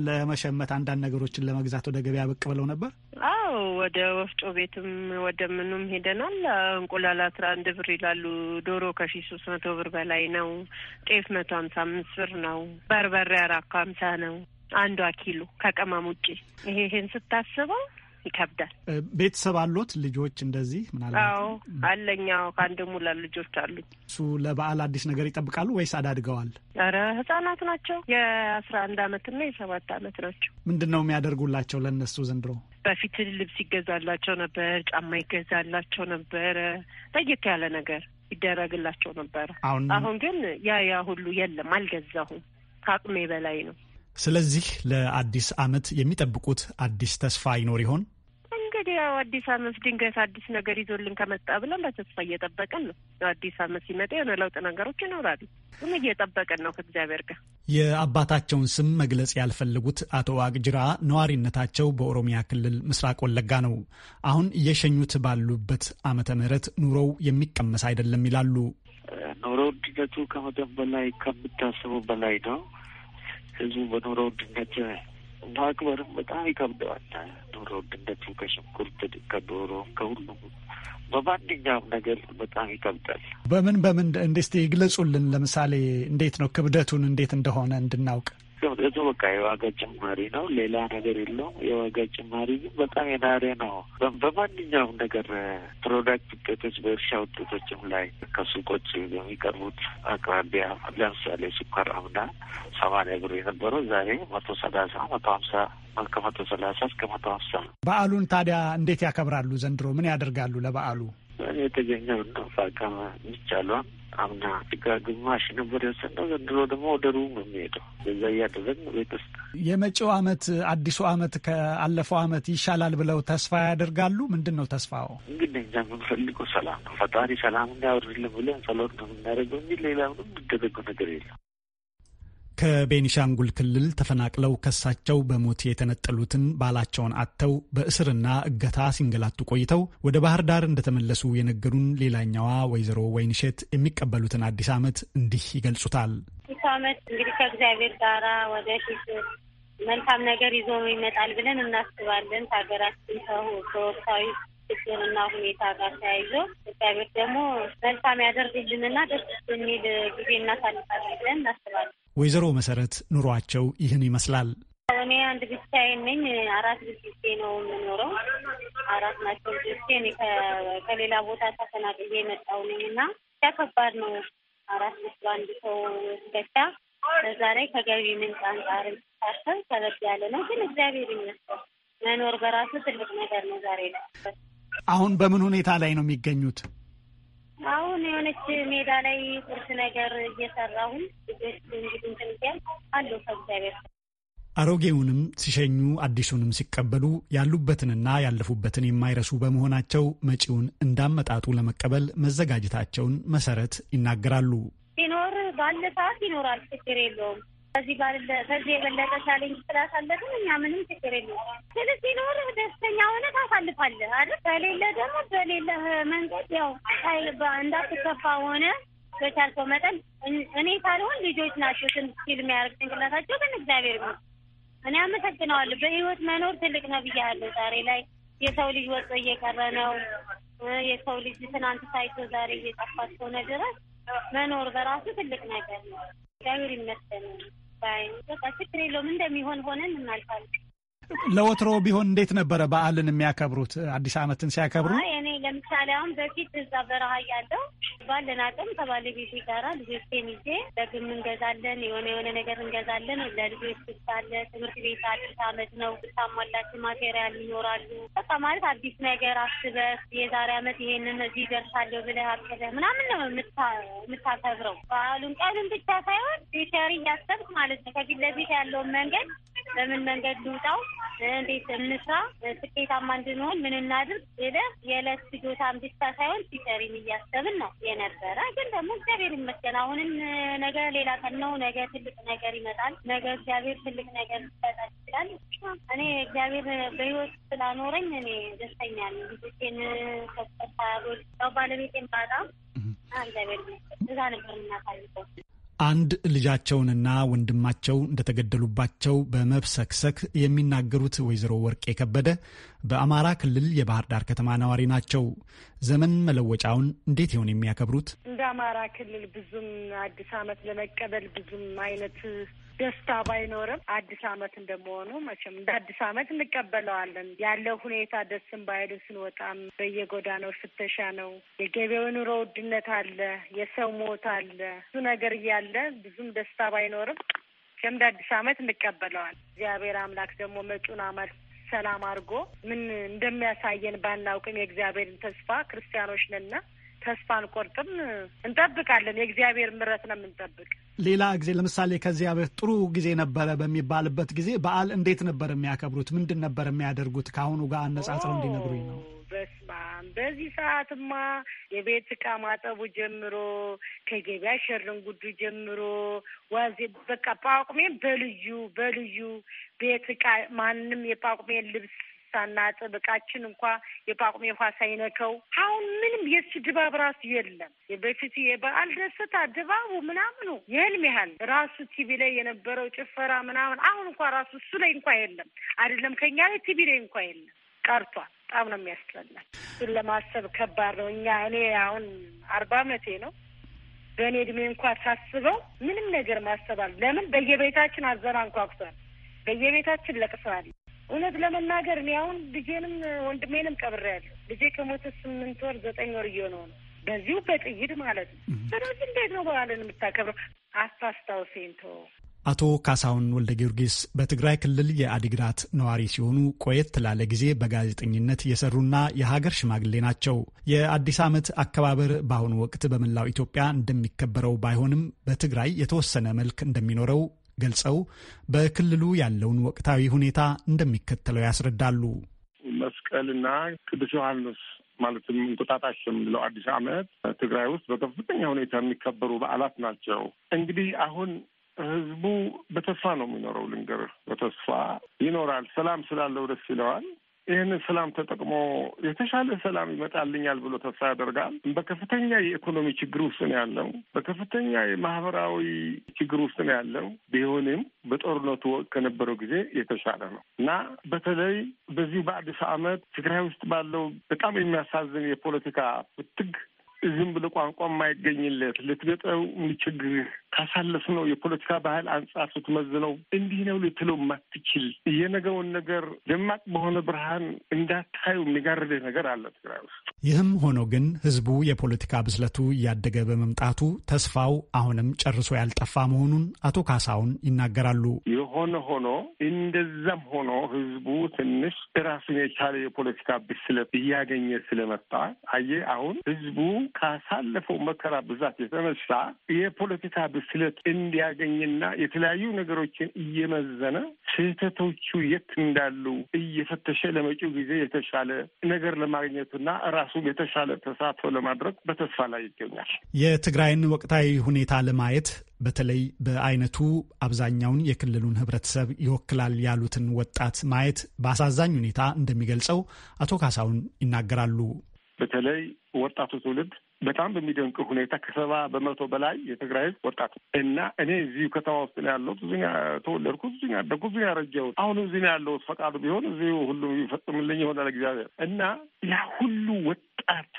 S1: ለመሸመት አንዳንድ ነገሮችን ለመግዛት ወደ ገበያ ብቅ ብለው ነበር።
S3: አዎ ወደ ወፍጮ ቤትም ወደ ምኑም ሄደናል። እንቁላል አስራ አንድ ብር ይላሉ። ዶሮ ከሺ ሶስት መቶ ብር በላይ ነው። ጤፍ መቶ ሀምሳ አምስት ብር ነው። በርበሬ አራት ሀምሳ ነው አንዷ ኪሎ ከቅመም ውጪ። ይሄ ይህን ስታስበው ይከብዳል።
S1: ቤተሰብ አሎት ልጆች እንደዚህ ምናልባት?
S3: አለኛው ከአንድ ሙላ ልጆች አሉ።
S1: እሱ ለበዓል አዲስ ነገር ይጠብቃሉ ወይስ አዳድገዋል?
S3: ኧረ ህጻናት ናቸው። የአስራ አንድ አመትና የሰባት አመት ናቸው።
S1: ምንድን ነው የሚያደርጉላቸው ለእነሱ ዘንድሮ?
S3: በፊት ልብስ ይገዛላቸው ነበር፣ ጫማ ይገዛላቸው ነበር፣ ለየት ያለ ነገር ይደረግላቸው ነበረ። አሁን አሁን ግን ያ ያ ሁሉ የለም። አልገዛሁም፣ ከአቅሜ በላይ ነው።
S1: ስለዚህ ለአዲስ አመት የሚጠብቁት አዲስ ተስፋ ይኖር ይሆን?
S3: እንግዲህ ያው አዲስ አመት ድንገት አዲስ ነገር ይዞልን ከመጣ ብለን በተስፋ እየጠበቅን ነው። አዲስ አመት ሲመጣ የሆነ ለውጥ ነገሮች ይኖራሉ። ግን እየጠበቅን ነው ከእግዚአብሔር ጋር።
S1: የአባታቸውን ስም መግለጽ ያልፈለጉት አቶ ዋቅጅራ ነዋሪነታቸው በኦሮሚያ ክልል ምስራቅ ወለጋ ነው። አሁን እየሸኙት ባሉበት አመተ ምህረት ኑሮው የሚቀመስ አይደለም ይላሉ።
S4: ኑሮ ውድነቱ ከመጠን በላይ ከምታስቡ በላይ ነው። ህዝቡ በኑሮ ውድነት ማክበርም በጣም ይከብደዋል። ኑሮ ውድነቱ ከሽንኩርት ከዶሮ፣ ከሁሉም በማንኛውም ነገር በጣም ይከብዳል።
S1: በምን በምን እንደ ይግለጹልን። ለምሳሌ እንዴት ነው ክብደቱን እንዴት እንደሆነ እንድናውቅ
S4: ቅብጠቱ በቃ የዋጋ ጭማሪ ነው። ሌላ ነገር የለውም። የዋጋ ጭማሪ ግን በጣም የናሬ ነው። በማንኛውም ነገር ፕሮዳክት ውጤቶች፣ በእርሻ ውጤቶችም ላይ ከሱቆች የሚቀርቡት አቅራቢያ ለምሳሌ ስኳር አምና ሰማንያ ብር የነበረው ዛሬ መቶ ሰላሳ መቶ ሀምሳ ከመቶ ሰላሳ እስከ መቶ ሀምሳ ነው።
S1: በዓሉን ታዲያ እንዴት ያከብራሉ? ዘንድሮ ምን ያደርጋሉ ለበዓሉ?
S4: የተገኘው ነው ፋጋማ ይቻሏ አምና ጋ ግማሽ ነበር የወሰነው። ዘንድሮ ደግሞ ወደ ሩብ ነው የሚሄደው። በዛ ነው ቤት ውስጥ
S1: የመጪው አመት አዲሱ አመት ከአለፈው አመት ይሻላል ብለው ተስፋ ያደርጋሉ። ምንድን ነው ተስፋው?
S4: እንግዲህ እኛ የምንፈልገው ሰላም ነው። ፈጣሪ ሰላም እንዳያወርድልን ብለን ጸሎት ነው የምናደርገው እንጂ ሌላ ምንም የሚደረገው ነገር የለም።
S1: ከቤኒሻንጉል ክልል ተፈናቅለው ከሳቸው በሞት የተነጠሉትን ባላቸውን አጥተው በእስርና እገታ ሲንገላቱ ቆይተው ወደ ባህር ዳር እንደተመለሱ የነገሩን ሌላኛዋ ወይዘሮ ወይንሸት የሚቀበሉትን አዲስ ዓመት እንዲህ ይገልጹታል።
S12: አዲስ ዓመት እንግዲህ ከእግዚአብሔር ጋራ ወደፊት መልካም ነገር ይዞ ይመጣል ብለን እናስባለን። ከሀገራችን ከወቅታዊ ችግርና ሁኔታ ጋር ተያይዞ እግዚአብሔር ደግሞ መልካም ያደርግልንና ደስ የሚል ጊዜ እናሳልፋለን ብለን እናስባለን።
S1: ወይዘሮ መሰረት ኑሯቸው ይህን ይመስላል።
S12: እኔ አንድ ብቻዬን ነኝ። አራት ልጆቼ ነው የምኖረው። አራት ናቸው ልጆቼ። እኔ ከሌላ ቦታ ተፈናቅዬ የመጣሁ ነኝ እና ብቻ ከባድ ነው። አራት ልጅ በአንድ ሰው ብቻ በዛ ላይ ከገቢ ምንጭ አንጻር ሳሰብ ተለቅ ያለ ነው። ግን እግዚአብሔር ይመስገን መኖር በራሱ ትልቅ ነገር ነው ዛሬ ነው።
S1: አሁን በምን ሁኔታ ላይ ነው የሚገኙት?
S12: አሁን የሆነች ሜዳ ላይ ቁርስ ነገር እየሰራሁን አለው ከእግዚአብሔር
S1: አሮጌውንም ሲሸኙ አዲሱንም ሲቀበሉ ያሉበትንና ያለፉበትን የማይረሱ በመሆናቸው መጪውን እንዳመጣጡ ለመቀበል መዘጋጀታቸውን መሰረት ይናገራሉ።
S12: ሲኖር ባለ ሰዓት ይኖራል፣ ችግር የለውም። ከዚህ ጋር ከዚህ የበለጠ ቻሌንጅ ስላሳለፍን እኛ ምንም ችግር የለም። ግን ሲኖር ደስተኛ ሆነ ታሳልፋለህ አይደል? በሌለ ደግሞ በሌለ መንገድ ያው እንዳትከፋ ሆነ በቻልከው መጠን እኔ ሳልሆን ልጆች ናቸው ፊልም የሚያደርግ ጭንቅላታቸው ግን እግዚአብሔር ነው። እኔ አመሰግነዋለሁ። በህይወት መኖር ትልቅ ነው ብያለሁ። ዛሬ ላይ የሰው ልጅ ወጥቶ እየቀረ ነው። የሰው ልጅ ትናንት ሳይቶ ዛሬ እየጠፋ እስከሆነ ድረስ መኖር በራሱ ትልቅ ነገር ነው። እግዚአብሔር ይመስገን። ባይ በቃ ችግር የለውም እንደሚሆን ሆነን እናልፋለን።
S1: ለወትሮ ቢሆን እንዴት ነበረ በዓልን የሚያከብሩት? አዲስ ዓመትን ሲያከብሩ
S12: እኔ ለምሳሌ አሁን በፊት እዛ በረሃ ያለው ባለን አቅም ከባለቤቴ ጋራ ልጆቼን ይዤ በግም እንገዛለን፣ የሆነ የሆነ ነገር እንገዛለን። ለልጆች ሳለ ትምህርት ቤት አዲስ ዓመት ነው ብታሟላችን ማቴሪያል ይኖራሉ። በቃ ማለት አዲስ ነገር አስበህ የዛሬ ዓመት ይሄንን እዚህ ደርሳለሁ ብለህ አቅደህ ምናምን ነው የምታከብረው። በዓሉን ቀኑን ብቻ ሳይሆን ቤተሪ እያሰብክ ማለት ነው ከፊት ለፊት ያለውን መንገድ በምን መንገድ ልውጣው እንዴት እንስራ፣ ስኬታማ እንድንሆን ምን እናድርግ ብለህ የዕለት ፍጆታን ብቻ ሳይሆን ፊቸሪን እያሰብን ነው የነበረ። ግን ደግሞ እግዚአብሔር ይመስገን አሁንም ነገ ሌላ ቀን ነው። ነገ ትልቅ ነገር ይመጣል። ነገ እግዚአብሔር ትልቅ ነገር ሊሰጠን ይችላል። እኔ እግዚአብሔር በህይወት ስላኖረኝ እኔ ደስተኛ ነኝ። ልጆቼን ከበሳ ባለቤቴን ባጣ እግዚአብሔር እዛ ነበር የምናሳልፈው።
S1: አንድ ልጃቸውንና ወንድማቸው እንደተገደሉባቸው በመብሰክሰክ የሚናገሩት ወይዘሮ ወርቄ ከበደ በአማራ ክልል የባህር ዳር ከተማ ነዋሪ ናቸው። ዘመን መለወጫውን እንዴት ይሆን የሚያከብሩት?
S13: እንደ አማራ ክልል ብዙም አዲስ ዓመት ለመቀበል ብዙም አይነት ደስታ ባይኖርም አዲስ ዓመት እንደመሆኑ መቼም እንደ አዲስ ዓመት እንቀበለዋለን። ያለው ሁኔታ ደስም ባይልን ስንወጣም በየጎዳናው ፍተሻ ነው። የገበያው ኑሮ ውድነት አለ፣ የሰው ሞት አለ። ብዙ ነገር እያለ ብዙም ደስታ ባይኖርም መቼም እንደ አዲስ አመት እንቀበለዋል። እግዚአብሔር አምላክ ደግሞ መጪውን ዓመት ሰላም አድርጎ ምን እንደሚያሳየን ባናውቅም የእግዚአብሔርን ተስፋ ክርስቲያኖች ነና ተስፋ አንቆርጥም፣ እንጠብቃለን። የእግዚአብሔር ምረት ነው የምንጠብቅ።
S1: ሌላ ጊዜ ለምሳሌ ከዚያ ጥሩ ጊዜ ነበረ በሚባልበት ጊዜ በዓል እንዴት ነበር የሚያከብሩት? ምንድን ነበር የሚያደርጉት? ከአሁኑ ጋር አነጻጽረው እንዲነግሩኝ ነው።
S13: በስማ በዚህ ሰዓትማ የቤት እቃ ማጠቡ ጀምሮ ከገበያ ጉዱ ጀምሮ ዋዜ በቃ ጳቁሜን በልዩ በልዩ ቤት እቃ ማንም የጳቁሜን ልብስ ሳናጥብ እቃችን እንኳ የጳቁሜ ውሃ ሳይነከው አሁን ምንም የእሱ ድባብ ራሱ የለም። የበፊቱ የበዓል ደስታ ድባቡ ምናምኑ የህልም ያህል ራሱ ቲቪ ላይ የነበረው ጭፈራ ምናምን አሁን እንኳ ራሱ እሱ ላይ እንኳ የለም። አይደለም ከኛ ላይ ቲቪ ላይ እንኳ የለም። ቀርቷል። በጣም ነው የሚያስጠላል። እሱን ለማሰብ ከባድ ነው። እኛ እኔ አሁን አርባ አመቴ ነው። በእኔ እድሜ እንኳ ሳስበው ምንም ነገር ማሰባል ለምን በየቤታችን አዘና አንኳኩቷል። በየቤታችን ለቅሰዋል። እውነት ለመናገር እኔ አሁን ልጄንም ወንድሜንም ቀብሬያለሁ። ልጄ ከሞተ ስምንት ወር ዘጠኝ ወር እየሆነው ነው በዚሁ በጥይት ማለት ነው። ስለዚህ እንዴት ነው በዓልን የምታከብረው? አታስታውሴን
S1: አቶ ካሳሁን ወልደ ጊዮርጊስ በትግራይ ክልል የአዲግራት ነዋሪ ሲሆኑ ቆየት ላለ ጊዜ በጋዜጠኝነት የሰሩና የሀገር ሽማግሌ ናቸው። የአዲስ ዓመት አከባበር በአሁኑ ወቅት በመላው ኢትዮጵያ እንደሚከበረው ባይሆንም በትግራይ የተወሰነ መልክ እንደሚኖረው ገልጸው በክልሉ ያለውን ወቅታዊ ሁኔታ እንደሚከተለው ያስረዳሉ።
S5: መስቀልና ቅዱስ ዮሐንስ ማለትም እንቁጣጣሽ የምንለው አዲስ ዓመት ትግራይ ውስጥ በከፍተኛ ሁኔታ የሚከበሩ በዓላት ናቸው። እንግዲህ አሁን ህዝቡ በተስፋ ነው የሚኖረው። ልንገር በተስፋ ይኖራል። ሰላም ስላለው ደስ ይለዋል። ይህንን ሰላም ተጠቅሞ የተሻለ ሰላም ይመጣልኛል ብሎ ተስፋ ያደርጋል። በከፍተኛ የኢኮኖሚ ችግር ውስጥ ነው ያለው። በከፍተኛ የማህበራዊ ችግር ውስጥ ነው ያለው። ቢሆንም በጦርነቱ ወቅት ከነበረው ጊዜ የተሻለ ነው እና በተለይ በዚህ በአዲስ ዓመት ትግራይ ውስጥ ባለው በጣም የሚያሳዝን የፖለቲካ ፍትግ ዝም ብሎ ቋንቋ የማይገኝለት ልትገጠው ችግር ነው የፖለቲካ ባህል አንጻር ስትመዝነው እንዲህ ነው ልትለው የማትችል የነገውን ነገር ደማቅ በሆነ ብርሃን እንዳታዩ የሚጋርደ ነገር አለ ትግራይ ውስጥ።
S1: ይህም ሆኖ ግን ህዝቡ የፖለቲካ ብስለቱ እያደገ በመምጣቱ ተስፋው አሁንም ጨርሶ ያልጠፋ መሆኑን አቶ ካሳውን ይናገራሉ።
S5: የሆነ ሆኖ እንደዛም ሆኖ ህዝቡ ትንሽ ራሱን የቻለ የፖለቲካ ብስለት እያገኘ ስለመጣ አየህ አሁን ህዝቡ ካሳለፈው መከራ ብዛት የተነሳ የፖለቲካ ብስለት እንዲያገኝና የተለያዩ ነገሮችን እየመዘነ ስህተቶቹ የት እንዳሉ እየፈተሸ ለመጪው ጊዜ የተሻለ ነገር ለማግኘቱና ራሱም የተሻለ ተሳትፎ ለማድረግ በተስፋ ላይ ይገኛል።
S1: የትግራይን ወቅታዊ ሁኔታ ለማየት በተለይ በአይነቱ አብዛኛውን የክልሉን ህብረተሰብ ይወክላል ያሉትን ወጣት ማየት በአሳዛኝ ሁኔታ እንደሚገልጸው አቶ ካሳውን ይናገራሉ።
S11: በተለይ ወጣቱ ትውልድ
S5: በጣም በሚደንቅ ሁኔታ ከሰባ በመቶ በላይ የትግራይ ህዝብ ወጣቱ እና እኔ እዚሁ ከተማ ውስጥ ነው ያለሁት። እዚሁ ተወለድኩ፣ እዚሁ ያደግኩ፣ እዚሁ ያረጀሁት። አሁን እዚሁ ነው ያለሁት። ፈቃዱ ቢሆን እዚሁ ሁሉም ይፈጽምልኝ ይሆናል እግዚአብሔር። እና ያ ሁሉ ወጣት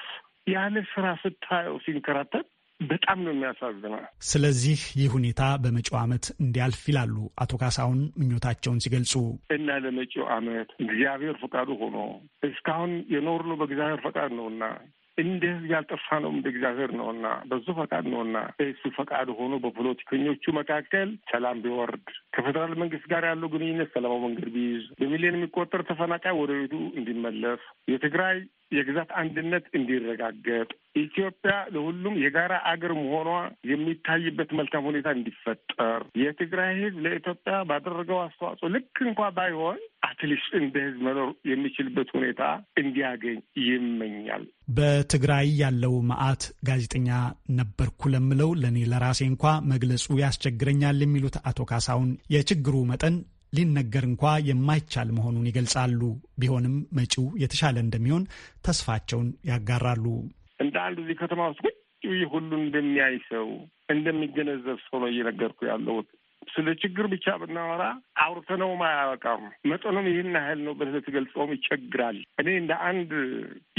S5: ያለ ስራ ስታየው ሲንከራተት በጣም ነው የሚያሳዝነው።
S1: ስለዚህ ይህ ሁኔታ በመጪው ዓመት እንዲያልፍ ይላሉ አቶ ካሳሁን ምኞታቸውን ሲገልጹ
S5: እና ለመጪው ዓመት እግዚአብሔር ፈቃዱ ሆኖ እስካሁን የኖርነው በእግዚአብሔር ፈቃድ ነውና እንደ ህዝብ ያልጠፋ ነው እንደ እግዚአብሔር ነውና በዙ ፈቃድ ነውና እሱ ፈቃድ ሆኖ በፖለቲከኞቹ መካከል ሰላም ቢወርድ ከፌዴራል መንግስት ጋር ያለው ግንኙነት ሰላማዊ መንገድ ቢይዝ በሚሊዮን የሚቆጠር ተፈናቃይ ወደ ቤቱ እንዲመለስ የትግራይ የግዛት አንድነት እንዲረጋገጥ ኢትዮጵያ ለሁሉም የጋራ አገር መሆኗ የሚታይበት መልካም ሁኔታ እንዲፈጠር የትግራይ ህዝብ ለኢትዮጵያ ባደረገው አስተዋጽኦ ልክ እንኳ ባይሆን አትሊስት እንደ ህዝብ መኖር የሚችልበት ሁኔታ እንዲያገኝ ይመኛል።
S1: በትግራይ ያለው መዓት ጋዜጠኛ ነበርኩ ለምለው ለእኔ ለራሴ እንኳ መግለጹ ያስቸግረኛል የሚሉት አቶ ካሳሁን የችግሩ መጠን ሊነገር እንኳ የማይቻል መሆኑን ይገልጻሉ። ቢሆንም መጪው የተሻለ እንደሚሆን ተስፋቸውን ያጋራሉ።
S5: እንደ አንድ እዚህ ከተማ ውስጥ ቁጭ ሁሉን እንደሚያይ ሰው እንደሚገነዘብ ሰው ነው እየነገርኩ ያለሁት። ስለ ችግር ብቻ ብናወራ አውርተነውም አያበቃም። መጠኑም ይህን ያህል ነው ብለህ ትገልጸውም ይቸግራል። እኔ እንደ አንድ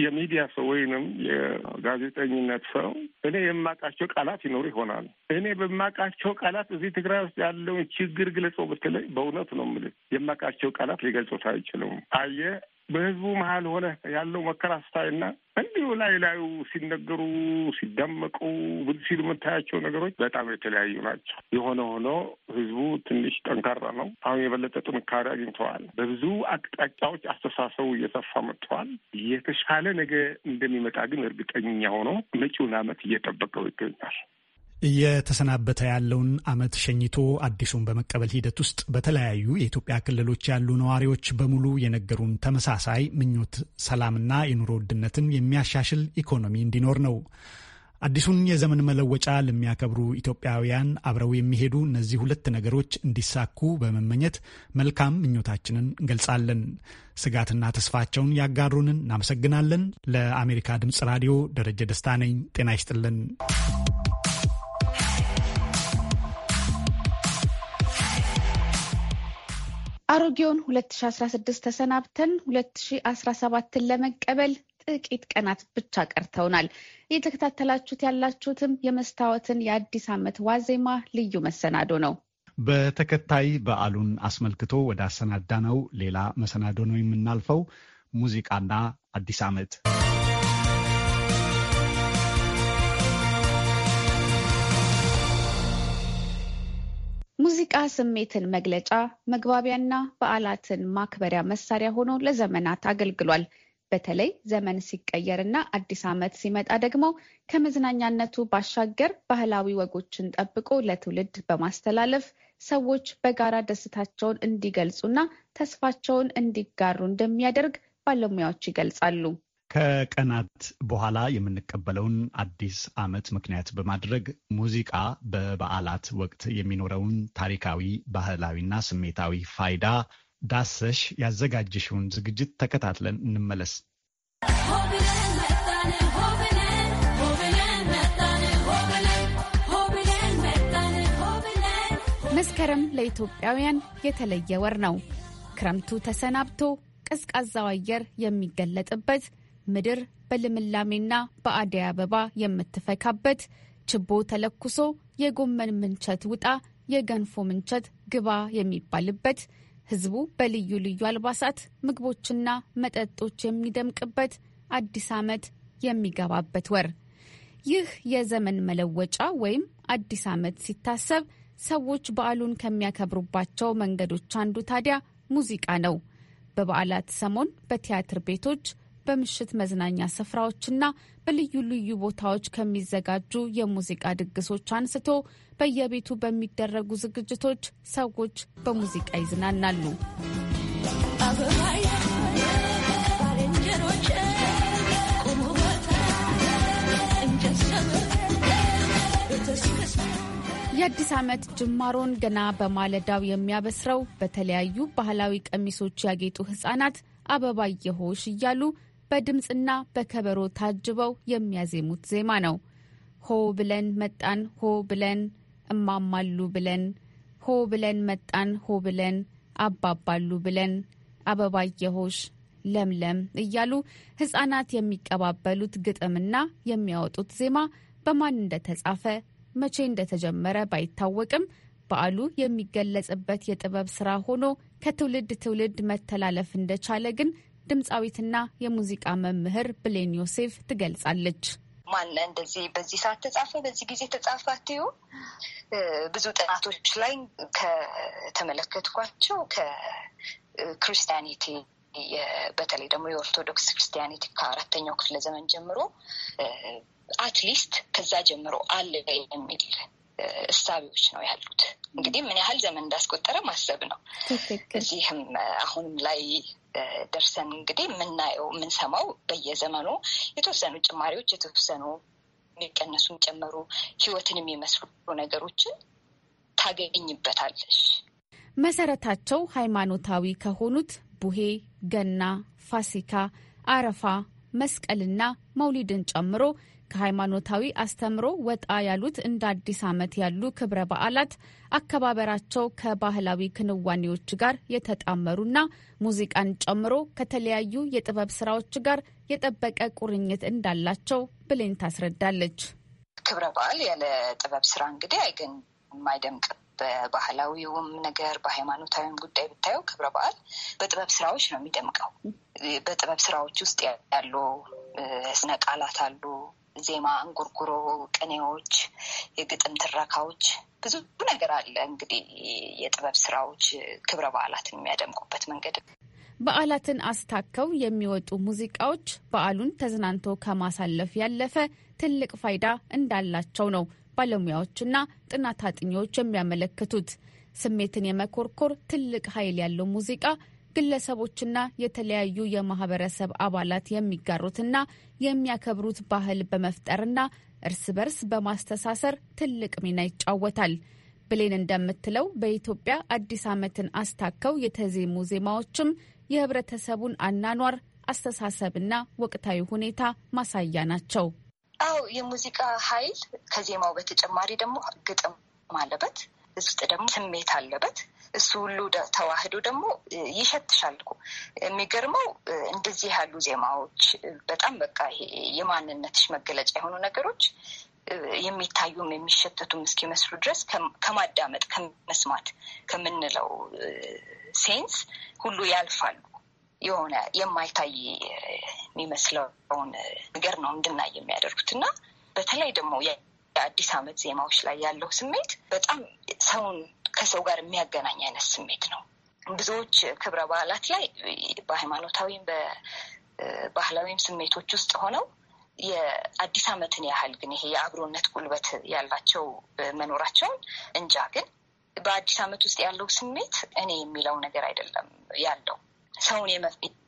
S5: የሚዲያ ሰው ወይንም የጋዜጠኝነት ሰው እኔ የማውቃቸው ቃላት ይኖሩ ይሆናል። እኔ በማውቃቸው ቃላት እዚህ ትግራይ ውስጥ ያለውን ችግር ግለጸው ብትለኝ በእውነቱ ነው የምልህ የማውቃቸው ቃላት ሊገልጹት አይችሉም። አየህ በህዝቡ መሀል ሆነ ያለው መከራ ስታይና እንዲሁ ላይ ላዩ ሲነገሩ ሲደመቁ ብዙ ሲሉ የምታያቸው ነገሮች በጣም የተለያዩ ናቸው። የሆነ ሆኖ ህዝቡ ትንሽ ጠንካራ ነው። አሁን የበለጠ ጥንካሬ አግኝተዋል። በብዙ አቅጣጫዎች አስተሳሰቡ እየሰፋ መጥተዋል። የተሻለ ነገ እንደሚመጣ ግን እርግጠኛ ሆኖ መጪውን ዓመት እየጠበቀው ይገኛል።
S1: እየተሰናበተ ያለውን ዓመት ሸኝቶ አዲሱን በመቀበል ሂደት ውስጥ በተለያዩ የኢትዮጵያ ክልሎች ያሉ ነዋሪዎች በሙሉ የነገሩን ተመሳሳይ ምኞት ሰላምና የኑሮ ውድነትን የሚያሻሽል ኢኮኖሚ እንዲኖር ነው። አዲሱን የዘመን መለወጫ ለሚያከብሩ ኢትዮጵያውያን አብረው የሚሄዱ እነዚህ ሁለት ነገሮች እንዲሳኩ በመመኘት መልካም ምኞታችንን እንገልጻለን። ስጋትና ተስፋቸውን ያጋሩንን እናመሰግናለን። ለአሜሪካ ድምፅ ራዲዮ ደረጀ ደስታ ነኝ። ጤና ይስጥልን።
S2: አሮጌውን 2016 ተሰናብተን 2017ን ለመቀበል ጥቂት ቀናት ብቻ ቀርተውናል። እየተከታተላችሁት ያላችሁትም የመስታወትን የአዲስ ዓመት ዋዜማ ልዩ መሰናዶ ነው።
S1: በተከታይ በዓሉን አስመልክቶ ወደ አሰናዳ ነው ሌላ መሰናዶ ነው የምናልፈው ሙዚቃና አዲስ ዓመት
S2: ሙዚቃ ስሜትን መግለጫ፣ መግባቢያና በዓላትን ማክበሪያ መሳሪያ ሆኖ ለዘመናት አገልግሏል። በተለይ ዘመን ሲቀየርና አዲስ ዓመት ሲመጣ ደግሞ ከመዝናኛነቱ ባሻገር ባህላዊ ወጎችን ጠብቆ ለትውልድ በማስተላለፍ ሰዎች በጋራ ደስታቸውን እንዲገልጹና ተስፋቸውን እንዲጋሩ እንደሚያደርግ ባለሙያዎች ይገልጻሉ።
S1: ከቀናት በኋላ የምንቀበለውን አዲስ ዓመት ምክንያት በማድረግ ሙዚቃ በበዓላት ወቅት የሚኖረውን ታሪካዊ፣ ባህላዊና ስሜታዊ ፋይዳ ዳሰሽ ያዘጋጀሽውን ዝግጅት ተከታትለን እንመለስ።
S2: መስከረም ለኢትዮጵያውያን የተለየ ወር ነው። ክረምቱ ተሰናብቶ ቀዝቃዛው አየር የሚገለጥበት ምድር በልምላሜና በአደይ አበባ የምትፈካበት ችቦ ተለኩሶ የጎመን ምንቸት ውጣ የገንፎ ምንቸት ግባ የሚባልበት ህዝቡ በልዩ ልዩ አልባሳት ምግቦችና መጠጦች የሚደምቅበት አዲስ ዓመት የሚገባበት ወር። ይህ የዘመን መለወጫ ወይም አዲስ ዓመት ሲታሰብ ሰዎች በዓሉን ከሚያከብሩባቸው መንገዶች አንዱ ታዲያ ሙዚቃ ነው። በበዓላት ሰሞን በቲያትር ቤቶች በምሽት መዝናኛ ስፍራዎችና በልዩ ልዩ ቦታዎች ከሚዘጋጁ የሙዚቃ ድግሶች አንስቶ በየቤቱ በሚደረጉ ዝግጅቶች ሰዎች በሙዚቃ ይዝናናሉ። የአዲስ ዓመት ጅማሮን ገና በማለዳው የሚያበስረው በተለያዩ ባህላዊ ቀሚሶች ያጌጡ አበባ የሆሽ እያሉ በድምፅና በከበሮ ታጅበው የሚያዜሙት ዜማ ነው። ሆ ብለን መጣን፣ ሆ ብለን እማማሉ ብለን፣ ሆ ብለን መጣን፣ ሆ ብለን አባባሉ ብለን፣ አበባየሆሽ ለምለም እያሉ ሕፃናት የሚቀባበሉት ግጥምና የሚያወጡት ዜማ በማን እንደተጻፈ መቼ እንደተጀመረ ባይታወቅም በዓሉ የሚገለጽበት የጥበብ ስራ ሆኖ ከትውልድ ትውልድ መተላለፍ እንደቻለ ግን ድምፃዊትና የሙዚቃ መምህር ብሌን ዮሴፍ ትገልጻለች።
S6: ማን እንደዚህ በዚህ ሰዓት ተጻፈ፣ በዚህ ጊዜ ተጻፈ አትዩ ብዙ ጥናቶች ላይ ከተመለከትኳቸው ከክርስቲያኒቲ በተለይ ደግሞ የኦርቶዶክስ ክርስቲያኒቲ ከአራተኛው ክፍለ ዘመን ጀምሮ አትሊስት ከዛ ጀምሮ አለ የሚል እሳቢዎች ነው ያሉት። እንግዲህ ምን ያህል ዘመን እንዳስቆጠረ ማሰብ ነው። እዚህም አሁንም ላይ ደርሰን እንግዲህ የምናየው የምንሰማው በየዘመኑ የተወሰኑ ጭማሪዎች፣ የተወሰኑ የሚቀነሱ የሚጨመሩ ህይወትን የሚመስሉ ነገሮችን ታገኝበታለሽ።
S2: መሰረታቸው ሃይማኖታዊ ከሆኑት ቡሄ፣ ገና፣ ፋሲካ፣ አረፋ፣ መስቀልና መውሊድን ጨምሮ ከሃይማኖታዊ አስተምሮ ወጣ ያሉት እንደ አዲስ ዓመት ያሉ ክብረ በዓላት አከባበራቸው ከባህላዊ ክንዋኔዎች ጋር የተጣመሩና ሙዚቃን ጨምሮ ከተለያዩ የጥበብ ስራዎች ጋር የጠበቀ ቁርኝት እንዳላቸው ብሌን ታስረዳለች።
S6: ክብረ በዓል ያለ ጥበብ ስራ እንግዲህ አይገን የማይደምቅ በባህላዊውም ነገር በሃይማኖታዊም ጉዳይ ብታየው ክብረ በዓል በጥበብ ስራዎች ነው የሚደምቀው። በጥበብ ስራዎች ውስጥ ያሉ ስነ ቃላት አሉ፣ ዜማ እንጉርጉሮ፣ ቅኔዎች፣ የግጥም ትረካዎች ብዙ ነገር አለ። እንግዲህ የጥበብ ስራዎች ክብረ በዓላትን የሚያደምቁበት መንገድ
S2: በዓላትን አስታከው የሚወጡ ሙዚቃዎች በዓሉን ተዝናንቶ ከማሳለፍ ያለፈ ትልቅ ፋይዳ እንዳላቸው ነው ባለሙያዎችና ጥናት አጥኚዎች የሚያመለክቱት። ስሜትን የመኮርኮር ትልቅ ኃይል ያለው ሙዚቃ ግለሰቦችና የተለያዩ የማህበረሰብ አባላት የሚጋሩትና የሚያከብሩት ባህል በመፍጠርና እርስ በርስ በማስተሳሰር ትልቅ ሚና ይጫወታል። ብሌን እንደምትለው በኢትዮጵያ አዲስ ዓመትን አስታከው የተዜሙ ዜማዎችም የህብረተሰቡን አናኗር አስተሳሰብና ወቅታዊ ሁኔታ ማሳያ ናቸው።
S6: አዎ የሙዚቃ ኃይል ከዜማው በተጨማሪ ደግሞ ግጥም አለበት። ውስጥ ደግሞ ስሜት አለበት። እሱ ሁሉ ተዋህዶ ደግሞ ይሸትሻል እኮ። የሚገርመው እንደዚህ ያሉ ዜማዎች በጣም በቃ የማንነትሽ መገለጫ የሆኑ ነገሮች የሚታዩም የሚሸተቱም እስኪመስሉ ድረስ ከማዳመጥ ከመስማት ከምንለው ሴንስ ሁሉ ያልፋሉ። የሆነ የማይታይ የሚመስለውን ነገር ነው እንድናይ የሚያደርጉት እና በተለይ ደግሞ የአዲስ ዓመት ዜማዎች ላይ ያለው ስሜት በጣም ሰውን ከሰው ጋር የሚያገናኝ አይነት ስሜት ነው። ብዙዎች ክብረ በዓላት ላይ በሃይማኖታዊም በባህላዊም ስሜቶች ውስጥ ሆነው የአዲስ ዓመትን ያህል ግን ይሄ የአብሮነት ጉልበት ያላቸው መኖራቸውን እንጃ። ግን በአዲስ ዓመት ውስጥ ያለው ስሜት እኔ የሚለው ነገር አይደለም ያለው ሰውን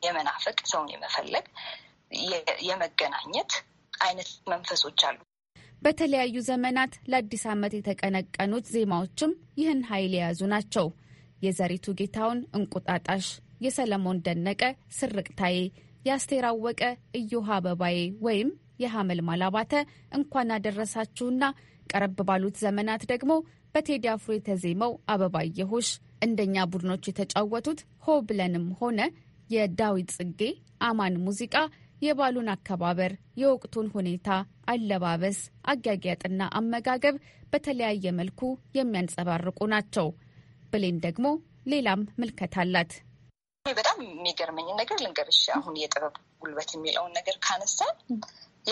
S6: የመናፈቅ ሰውን የመፈለግ የመገናኘት አይነት መንፈሶች አሉ።
S2: በተለያዩ ዘመናት ለአዲስ ዓመት የተቀነቀኑት ዜማዎችም ይህን ኃይል የያዙ ናቸው። የዘሪቱ ጌታውን እንቁጣጣሽ፣ የሰለሞን ደነቀ ስርቅታዬ፣ የአስቴር አወቀ እዮሃ አበባዬ ወይም የሐመልማል አባተ እንኳን አደረሳችሁና ቀረብ ባሉት ዘመናት ደግሞ በቴዲ አፍሮ የተዜመው አበባ የሆሽ እንደኛ ቡድኖች የተጫወቱት ሆ ብለንም ሆነ የዳዊት ጽጌ አማን ሙዚቃ የባሉን አከባበር፣ የወቅቱን ሁኔታ፣ አለባበስ፣ አጊያጊያጥና አመጋገብ በተለያየ መልኩ የሚያንጸባርቁ ናቸው። ብሌን ደግሞ ሌላም ምልከት አላት።
S6: በጣም የሚገርመኝ ነገር ልንገርሽ። አሁን የጥበብ ጉልበት የሚለውን ነገር ካነሳን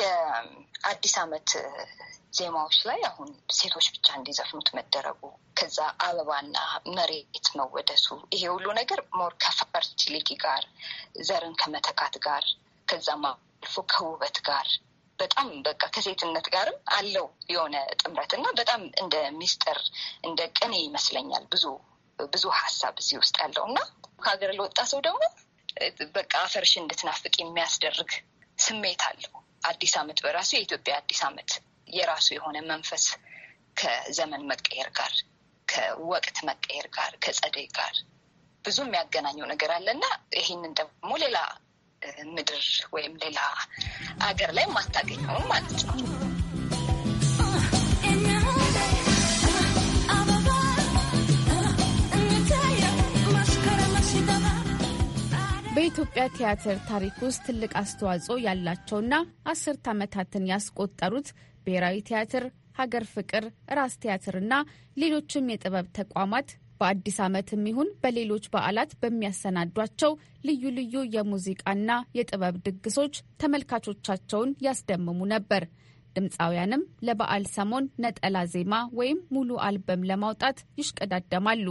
S6: የአዲስ ዓመት ዜማዎች ላይ አሁን ሴቶች ብቻ እንዲዘፍኑት መደረጉ ከዛ አበባና መሬት መወደሱ ይሄ ሁሉ ነገር ሞር ከፈርቲሊቲ ጋር ዘርን ከመተካት ጋር ከዛም አልፎ ከውበት ጋር በጣም በቃ ከሴትነት ጋርም አለው የሆነ ጥምረት እና በጣም እንደ ሚስጥር እንደ ቅኔ ይመስለኛል ብዙ ብዙ ሀሳብ እዚህ ውስጥ ያለው እና ከሀገር ለወጣ ሰው ደግሞ በቃ አፈርሽ እንድትናፍቅ የሚያስደርግ ስሜት አለው። አዲስ ዓመት በራሱ የኢትዮጵያ አዲስ ዓመት የራሱ የሆነ መንፈስ ከዘመን መቀየር ጋር ከወቅት መቀየር ጋር ከጸደይ ጋር ብዙ የሚያገናኘው ነገር አለ እና ይህንን ደግሞ ሌላ ምድር ወይም ሌላ አገር ላይ ማታገኘውም ማለት ነው።
S2: በኢትዮጵያ ቲያትር ታሪክ ውስጥ ትልቅ አስተዋጽኦ ያላቸውና አስርት ዓመታትን ያስቆጠሩት ብሔራዊ ቲያትር፣ ሀገር ፍቅር፣ ራስ ቲያትርና ሌሎችም የጥበብ ተቋማት በአዲስ ዓመትም ይሁን በሌሎች በዓላት በሚያሰናዷቸው ልዩ ልዩ የሙዚቃና የጥበብ ድግሶች ተመልካቾቻቸውን ያስደምሙ ነበር። ድምፃውያንም ለበዓል ሰሞን ነጠላ ዜማ ወይም ሙሉ አልበም ለማውጣት ይሽቀዳደማሉ።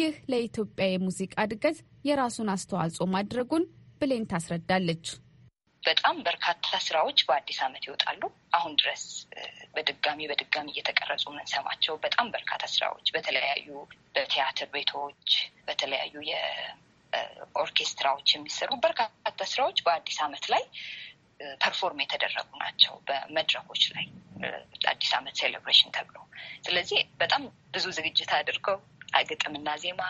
S2: ይህ ለኢትዮጵያ የሙዚቃ እድገት የራሱን አስተዋጽኦ ማድረጉን ብሌን ታስረዳለች።
S6: በጣም በርካታ ስራዎች በአዲስ ዓመት ይወጣሉ። አሁን ድረስ በድጋሚ በድጋሚ እየተቀረጹ የምንሰማቸው በጣም በርካታ ስራዎች በተለያዩ በቲያትር ቤቶች በተለያዩ የኦርኬስትራዎች የሚሰሩ በርካታ ስራዎች በአዲስ ዓመት ላይ ፐርፎርም የተደረጉ ናቸው በመድረኮች ላይ አዲስ ዓመት ሴሌብሬሽን ተብሎ። ስለዚህ በጣም ብዙ ዝግጅት አድርገው ግጥምና ዜማ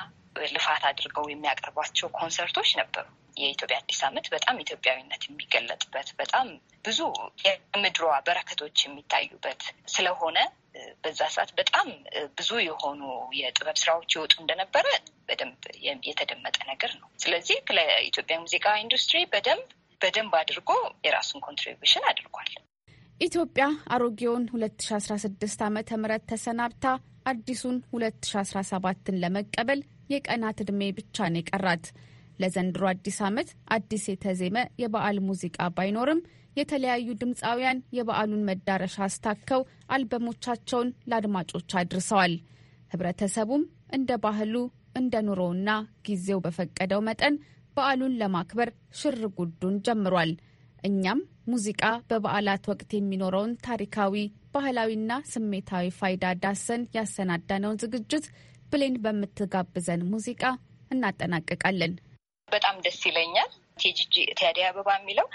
S6: ልፋት አድርገው የሚያቀርቧቸው ኮንሰርቶች ነበሩ። የኢትዮጵያ አዲስ ዓመት በጣም ኢትዮጵያዊነት የሚገለጥበት በጣም ብዙ የምድሯ በረከቶች የሚታዩበት ስለሆነ በዛ ሰዓት በጣም ብዙ የሆኑ የጥበብ ስራዎች ይወጡ እንደነበረ በደንብ የተደመጠ ነገር ነው። ስለዚህ ለኢትዮጵያ ሙዚቃ ኢንዱስትሪ በደንብ በደንብ አድርጎ የራሱን ኮንትሪቢሽን አድርጓል። ኢትዮጵያ
S2: አሮጌውን 2016 ዓ ም ተሰናብታ አዲሱን 2017ን ለመቀበል የቀናት ዕድሜ ብቻ ነው የቀራት። ለዘንድሮ አዲስ ዓመት አዲስ የተዜመ የበዓል ሙዚቃ ባይኖርም የተለያዩ ድምፃውያን የበዓሉን መዳረሻ አስታከው አልበሞቻቸውን ለአድማጮች አድርሰዋል። ህብረተሰቡም እንደ ባህሉ እንደ ኑሮውና ጊዜው በፈቀደው መጠን በዓሉን ለማክበር ሽር ጉዱን ጀምሯል። እኛም ሙዚቃ በበዓላት ወቅት የሚኖረውን ታሪካዊ ባህላዊና ስሜታዊ ፋይዳ ዳሰን ያሰናዳነውን ዝግጅት ብሌን በምትጋብዘን ሙዚቃ እናጠናቅቃለን።
S6: በጣም ደስ ይለኛል። ቴጂጂ ቴዲ አበባ የሚለው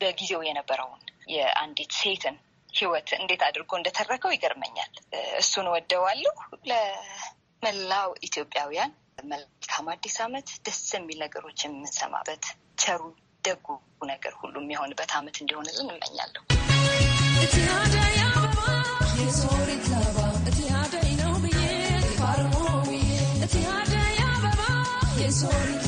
S6: በጊዜው የነበረውን የአንዲት ሴትን ህይወት እንዴት አድርጎ እንደተረከው ይገርመኛል። እሱን ወደዋለሁ። ለመላው ኢትዮጵያውያን መልካም አዲስ ዓመት፣ ደስ የሚል ነገሮች የምንሰማበት ቸሩ ደጉ ነገር ሁሉ የሚሆንበት ዓመት እንዲሆንልን እመኛለሁ።
S10: sorry.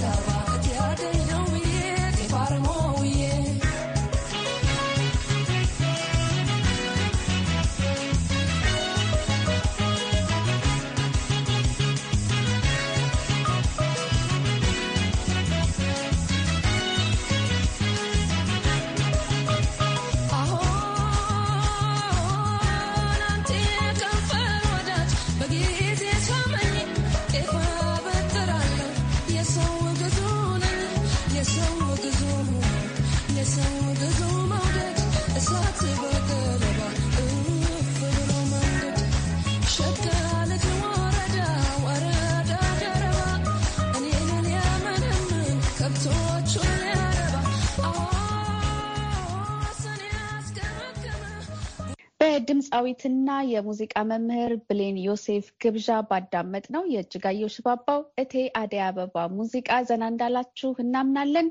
S2: ድምፃዊትና የሙዚቃ መምህር ብሌን ዮሴፍ ግብዣ ባዳመጥ ነው የእጅጋየሁ ሽባባው እቴ አደይ አበባ ሙዚቃ ዘና እንዳላችሁ እናምናለን።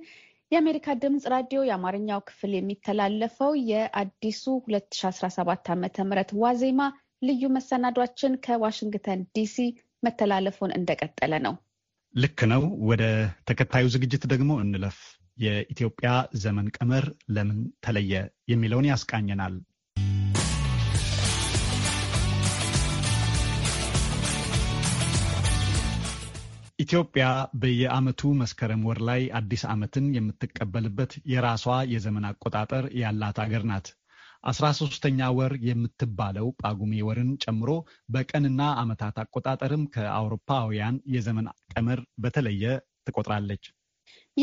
S2: የአሜሪካ ድምፅ ራዲዮ የአማርኛው ክፍል የሚተላለፈው የአዲሱ 2017 ዓ ም ዋዜማ ልዩ መሰናዷችን ከዋሽንግተን ዲሲ መተላለፉን እንደቀጠለ ነው።
S1: ልክ ነው። ወደ ተከታዩ ዝግጅት ደግሞ እንለፍ። የኢትዮጵያ ዘመን ቀመር ለምን ተለየ የሚለውን ያስቃኘናል። ኢትዮጵያ በየዓመቱ መስከረም ወር ላይ አዲስ ዓመትን የምትቀበልበት የራሷ የዘመን አቆጣጠር ያላት አገር ናት። አስራ ሶስተኛ ወር የምትባለው ጳጉሜ ወርን ጨምሮ በቀንና ዓመታት አቆጣጠርም ከአውሮፓውያን የዘመን ቀመር በተለየ ትቆጥራለች።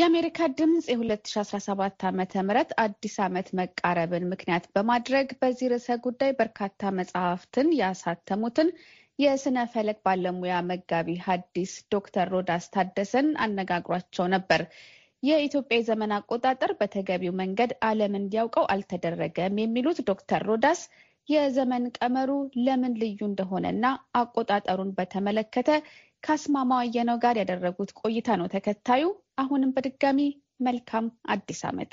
S2: የአሜሪካ ድምፅ የ2017 ዓ ም አዲስ ዓመት መቃረብን ምክንያት በማድረግ በዚህ ርዕሰ ጉዳይ በርካታ መጽሐፍትን ያሳተሙትን የስነ ፈለክ ባለሙያ መጋቢ ሐዲስ ዶክተር ሮዳስ ታደሰን አነጋግሯቸው ነበር። የኢትዮጵያ የዘመን አቆጣጠር በተገቢው መንገድ ዓለም እንዲያውቀው አልተደረገም የሚሉት ዶክተር ሮዳስ የዘመን ቀመሩ ለምን ልዩ እንደሆነና አቆጣጠሩን በተመለከተ ከአስማማው አየነው ጋር ያደረጉት ቆይታ ነው ተከታዩ። አሁንም በድጋሚ መልካም አዲስ
S9: ዓመት።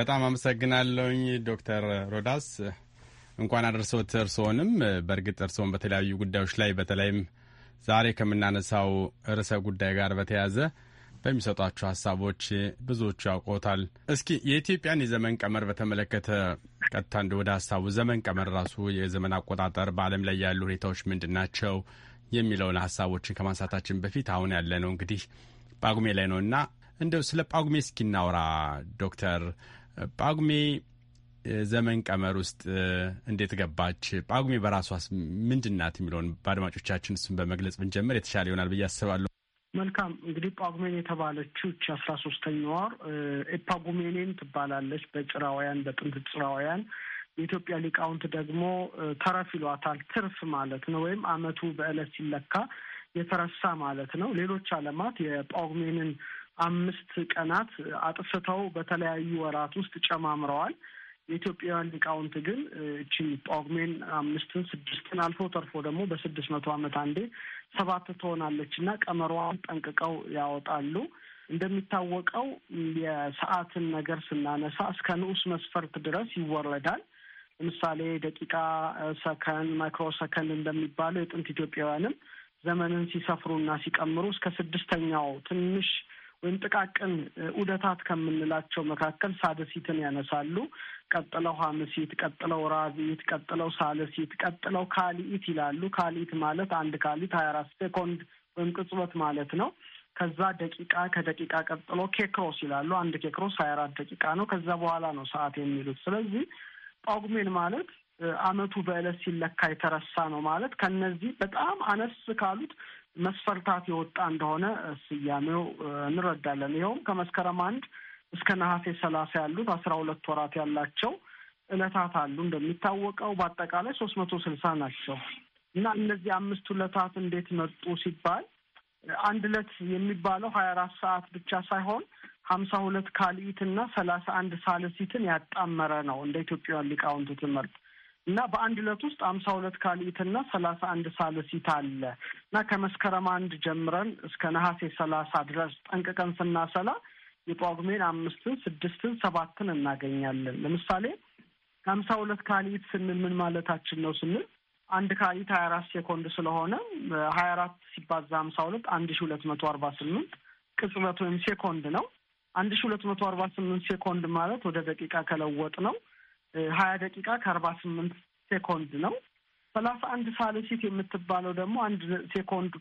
S9: በጣም አመሰግናለሁኝ ዶክተር ሮዳስ። እንኳን አደረሰዎት እርስዎንም። በእርግጥ እርስዎን በተለያዩ ጉዳዮች ላይ በተለይም ዛሬ ከምናነሳው ርዕሰ ጉዳይ ጋር በተያያዘ በሚሰጧቸው ሀሳቦች ብዙዎቹ ያውቆታል። እስኪ የኢትዮጵያን የዘመን ቀመር በተመለከተ ቀጥታ እንደ ወደ ሀሳቡ ዘመን ቀመር ራሱ የዘመን አቆጣጠር በዓለም ላይ ያሉ ሁኔታዎች ምንድን ናቸው የሚለውን ሀሳቦችን ከማንሳታችን በፊት አሁን ያለ ነው እንግዲህ ጳጉሜ ላይ ነው እና እንደው ስለ ጳጉሜ እስኪናውራ ዶክተር ጳጉሜ ዘመን ቀመር ውስጥ እንዴት ገባች? ጳጉሜ በራሷስ ምንድን ናት የሚለውን በአድማጮቻችን እሱን በመግለጽ ብንጀምር የተሻለ ይሆናል ብዬ አስባለሁ።
S14: መልካም እንግዲህ ጳጉሜን የተባለችው እች አስራ ሶስተኛ ወር ኤፓጉሜኔን ትባላለች። በጭራውያን በጥንት ጭራውያን የኢትዮጵያ ሊቃውንት ደግሞ ተረፍ ይሏታል። ትርፍ ማለት ነው። ወይም አመቱ በእለት ሲለካ የተረሳ ማለት ነው። ሌሎች ዓለማት የጳጉሜንን አምስት ቀናት አጥፍተው በተለያዩ ወራት ውስጥ ጨማምረዋል። የኢትዮጵያውያን ሊቃውንት ግን እቺ ጳጉሜን አምስትን ስድስትን አልፎ ተርፎ ደግሞ በስድስት መቶ ዓመት አንዴ ሰባት ትሆናለች እና ቀመሯን ጠንቅቀው ያወጣሉ። እንደሚታወቀው የሰዓትን ነገር ስናነሳ እስከ ንዑስ መስፈርት ድረስ ይወረዳል። ለምሳሌ ደቂቃ፣ ሰከንድ፣ ማይክሮ ሰከንድ እንደሚባለው የጥንት ኢትዮጵያውያንም ዘመንን ሲሰፍሩና ሲቀምሩ እስከ ስድስተኛው ትንሽ ወይም ጥቃቅን ዑደታት ከምንላቸው መካከል ሳደሲትን ያነሳሉ። ቀጥለው ሀምሲት፣ ቀጥለው ራቢት፣ ቀጥለው ሳልሲት፣ ቀጥለው ካሊኢት ይላሉ። ካልኢት ማለት አንድ ካሊት ሀያ አራት ሴኮንድ ወይም ቅጽበት ማለት ነው። ከዛ ደቂቃ፣ ከደቂቃ ቀጥሎ ኬክሮስ ይላሉ። አንድ ኬክሮስ ሀያ አራት ደቂቃ ነው። ከዛ በኋላ ነው ሰዓት የሚሉት። ስለዚህ ጳጉሜን ማለት አመቱ በእለት ሲለካ የተረሳ ነው ማለት ከነዚህ በጣም አነስ ካሉት መስፈርታት የወጣ እንደሆነ ስያሜው እንረዳለን። ይኸውም ከመስከረም አንድ እስከ ነሐሴ ሰላሳ ያሉት አስራ ሁለት ወራት ያላቸው እለታት አሉ። እንደሚታወቀው በአጠቃላይ ሶስት መቶ ስልሳ ናቸው እና እነዚህ አምስት እለታት እንዴት መጡ ሲባል አንድ እለት የሚባለው ሀያ አራት ሰዓት ብቻ ሳይሆን ሀምሳ ሁለት ካልኢት እና ሰላሳ አንድ ሳልሲትን ያጣመረ ነው እንደ ኢትዮጵያውያን ሊቃውንት ትምህርት እና በአንድ ዕለት ውስጥ አምሳ ሁለት ካልኢትና ሰላሳ አንድ ሳልሲት አለ እና ከመስከረም አንድ ጀምረን እስከ ነሐሴ ሰላሳ ድረስ ጠንቅቀን ስናሰላ የጳጉሜን አምስትን፣ ስድስትን፣ ሰባትን እናገኛለን። ለምሳሌ ከአምሳ ሁለት ካልኢት ስንል ምን ማለታችን ነው ስንል አንድ ካልኢት ሀያ አራት ሴኮንድ ስለሆነ ሀያ አራት ሲባዛ አምሳ ሁለት አንድ ሺ ሁለት መቶ አርባ ስምንት ቅጽበት ወይም ሴኮንድ ነው። አንድ ሺ ሁለት መቶ አርባ ስምንት ሴኮንድ ማለት ወደ ደቂቃ ከለወጥ ነው ሀያ ደቂቃ ከአርባ ስምንት ሴኮንድ ነው። ሰላሳ አንድ ሳሎሲት የምትባለው ደግሞ አንድ ሴኮንድ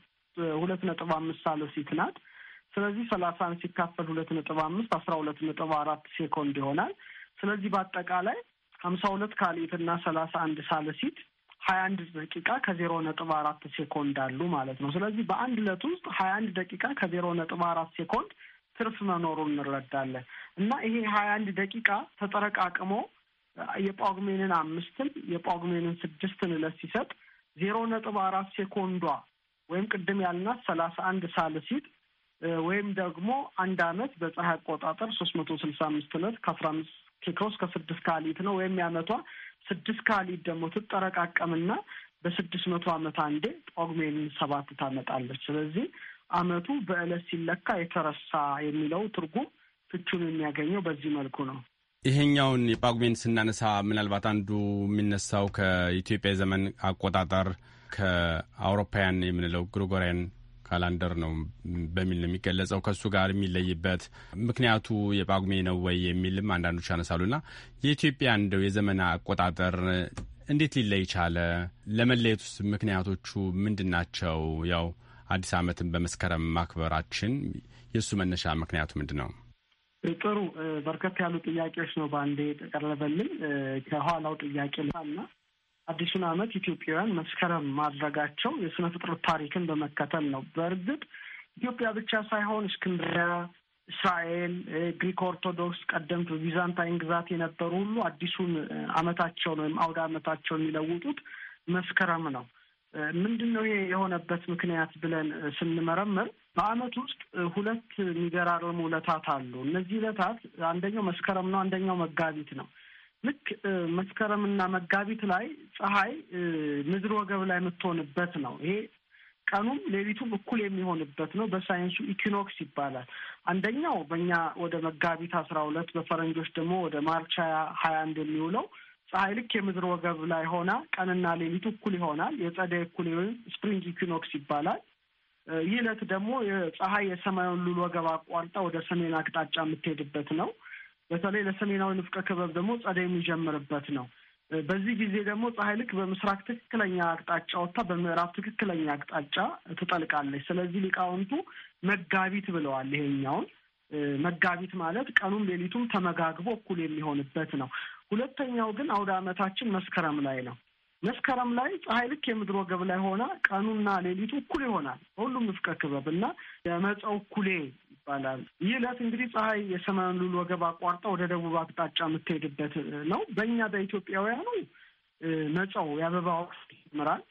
S14: ሁለት ነጥብ አምስት ሳሎሲት ናት። ስለዚህ ሰላሳን ሲካፈል ሁለት ነጥብ አምስት አስራ ሁለት ነጥብ አራት ሴኮንድ ይሆናል። ስለዚህ በአጠቃላይ ሀምሳ ሁለት ካሌት እና ሰላሳ አንድ ሳሎሲት ሀያ አንድ ደቂቃ ከዜሮ ነጥብ አራት ሴኮንድ አሉ ማለት ነው። ስለዚህ በአንድ ዕለት ውስጥ ሀያ አንድ ደቂቃ ከዜሮ ነጥብ አራት ሴኮንድ ትርፍ መኖሩን እንረዳለን እና ይሄ ሀያ አንድ ደቂቃ ተጠረቃቅሞ የጳጉሜንን አምስትን የጳጉሜንን ስድስትን እለት ሲሰጥ ዜሮ ነጥብ አራት ሴኮንዷ ወይም ቅድም ያልናት ሰላሳ አንድ ሳልሲት ወይም ደግሞ አንድ አመት በፀሐይ አቆጣጠር ሶስት መቶ ስልሳ አምስት እለት ከአስራ አምስት ኬክሮስ ከስድስት ካሊት ነው ወይም የአመቷ ስድስት ካሊት ደግሞ ትጠረቃቀምና በስድስት መቶ አመት አንዴ ጳጉሜንን ሰባት ታመጣለች። ስለዚህ አመቱ በእለት ሲለካ የተረሳ የሚለው ትርጉም ፍቹን የሚያገኘው በዚህ
S8: መልኩ ነው።
S9: ይሄኛውን የጳጉሜን ስናነሳ ምናልባት አንዱ የሚነሳው ከኢትዮጵያ የዘመን አቆጣጠር ከአውሮፓውያን የምንለው ግሪጎሪያን ካላንደር ነው በሚል ነው የሚገለጸው። ከእሱ ጋር የሚለይበት ምክንያቱ የጳጉሜ ነው ወይ የሚልም አንዳንዶች ያነሳሉና የኢትዮጵያ እንደው የዘመን አቆጣጠር እንዴት ሊለይ ቻለ? ለመለየት ውስጥ ምክንያቶቹ ምንድን ናቸው? ያው አዲስ ዓመትን በመስከረም ማክበራችን የእሱ መነሻ ምክንያቱ ምንድን ነው?
S11: ጥሩ በርከት
S14: ያሉ ጥያቄዎች ነው በአንዴ የተቀረበልን። ከኋላው ጥያቄ ልና አዲሱን ዓመት ኢትዮጵያውያን መስከረም ማድረጋቸው የስነ ፍጥረት ታሪክን በመከተል ነው። በእርግጥ ኢትዮጵያ ብቻ ሳይሆን እስክንድሪያ፣ እስራኤል፣ ግሪክ ኦርቶዶክስ፣ ቀደምት ቢዛንታይን ግዛት የነበሩ ሁሉ አዲሱን ዓመታቸውን ወይም አውደ ዓመታቸውን የሚለውጡት መስከረም ነው። ምንድን ነው ይሄ የሆነበት ምክንያት ብለን ስንመረምር በአመት ውስጥ ሁለት የሚገራረሙ እለታት አሉ። እነዚህ እለታት አንደኛው መስከረም ነው፣ አንደኛው መጋቢት ነው። ልክ መስከረምና መጋቢት ላይ ፀሐይ ምድር ወገብ ላይ የምትሆንበት ነው። ይሄ ቀኑም ሌሊቱም እኩል የሚሆንበት ነው። በሳይንሱ ኢኪኖክስ ይባላል። አንደኛው በእኛ ወደ መጋቢት አስራ ሁለት በፈረንጆች ደግሞ ወደ ማርች ሀያ አንድ የሚውለው ፀሐይ ልክ የምድር ወገብ ላይ ሆና ቀንና ሌሊቱ እኩል ይሆናል። የጸደይ እኩል ወይም ስፕሪንግ ኢኪኖክስ ይባላል። ይህ ዕለት ደግሞ ፀሐይ የሰማዩን ሉል ወገብ አቋርጣ ወደ ሰሜን አቅጣጫ የምትሄድበት ነው። በተለይ ለሰሜናዊ ንፍቀ ክበብ ደግሞ ጸደይ የሚጀምርበት ነው። በዚህ ጊዜ ደግሞ ፀሐይ ልክ በምስራቅ ትክክለኛ አቅጣጫ ወጥታ በምዕራብ ትክክለኛ አቅጣጫ ትጠልቃለች። ስለዚህ ሊቃውንቱ መጋቢት ብለዋል። ይሄኛውን መጋቢት ማለት ቀኑም ሌሊቱም ተመጋግቦ እኩል የሚሆንበት ነው። ሁለተኛው ግን አውደ ዓመታችን መስከረም ላይ ነው። መስከረም ላይ ፀሐይ ልክ የምድር ወገብ ላይ ሆና ቀኑና ሌሊቱ እኩል ይሆናል። ሁሉም እስከ ክበብ እና የመፀው እኩሌ ይባላል። ይህ ዕለት እንግዲህ ፀሐይ የሰማዩን ሉል ወገብ አቋርጠ ወደ ደቡብ አቅጣጫ የምትሄድበት ነው። በእኛ በኢትዮጵያውያኑ መፀው የአበባ ወቅት ይጀምራል።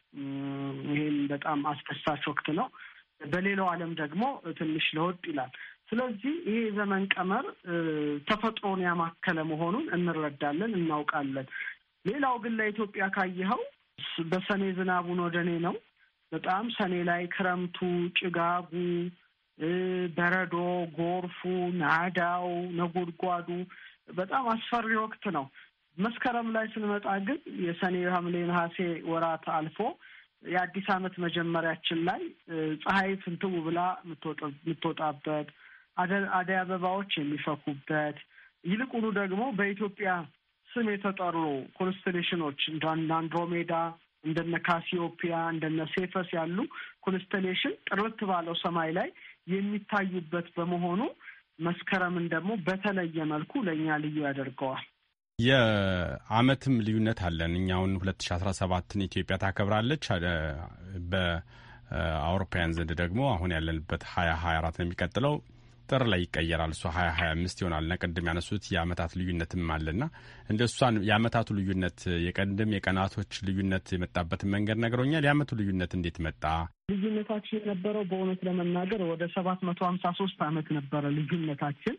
S14: ይህም በጣም አስደሳች ወቅት ነው። በሌላው ዓለም ደግሞ ትንሽ ለወጥ ይላል። ስለዚህ ይሄ ዘመን ቀመር ተፈጥሮን ያማከለ መሆኑን እንረዳለን፣ እናውቃለን። ሌላው ግን ለኢትዮጵያ ካየኸው በሰኔ ዝናቡን ወደ እኔ ነው። በጣም ሰኔ ላይ ክረምቱ፣ ጭጋጉ፣ በረዶ፣ ጎርፉ፣ ናዳው፣ ነጎድጓዱ በጣም አስፈሪ ወቅት ነው። መስከረም ላይ ስንመጣ ግን የሰኔ ሐምሌ፣ ነሐሴ ወራት አልፎ የአዲስ ዓመት መጀመሪያችን ላይ ፀሐይ ፍንትው ብላ የምትወጣበት አደይ አበባዎች የሚፈኩበት ይልቁኑ ደግሞ በኢትዮጵያ ስም የተጠሩ ኮንስቴሌሽኖች እንደ አንድሮሜዳ እንደነ ካሲዮፒያ እንደነ ሴፈስ ያሉ ኮንስቴሌሽን ጥርት ባለው ሰማይ ላይ የሚታዩበት በመሆኑ መስከረምን ደግሞ በተለየ መልኩ ለእኛ ልዩ ያደርገዋል።
S9: የአመትም ልዩነት አለን። እኛውን አሁን ሁለት ሺ አስራ ሰባትን ኢትዮጵያ ታከብራለች። በአውሮፓውያን ዘንድ ደግሞ አሁን ያለንበት ሀያ ሀያ አራት ነው የሚቀጥለው ጥር ላይ ይቀየራል። እሱ ሀያ ሀያ አምስት ይሆናል ና ቅድም ያነሱት የአመታት ልዩነትም አለ ና እንደ እሷን የአመታቱ ልዩነት የቀድም የቀናቶች ልዩነት የመጣበትን መንገድ ነግሮኛል። የአመቱ ልዩነት እንዴት መጣ?
S14: ልዩነታችን የነበረው በእውነት ለመናገር ወደ ሰባት መቶ ሀምሳ ሶስት አመት ነበረ ልዩነታችን።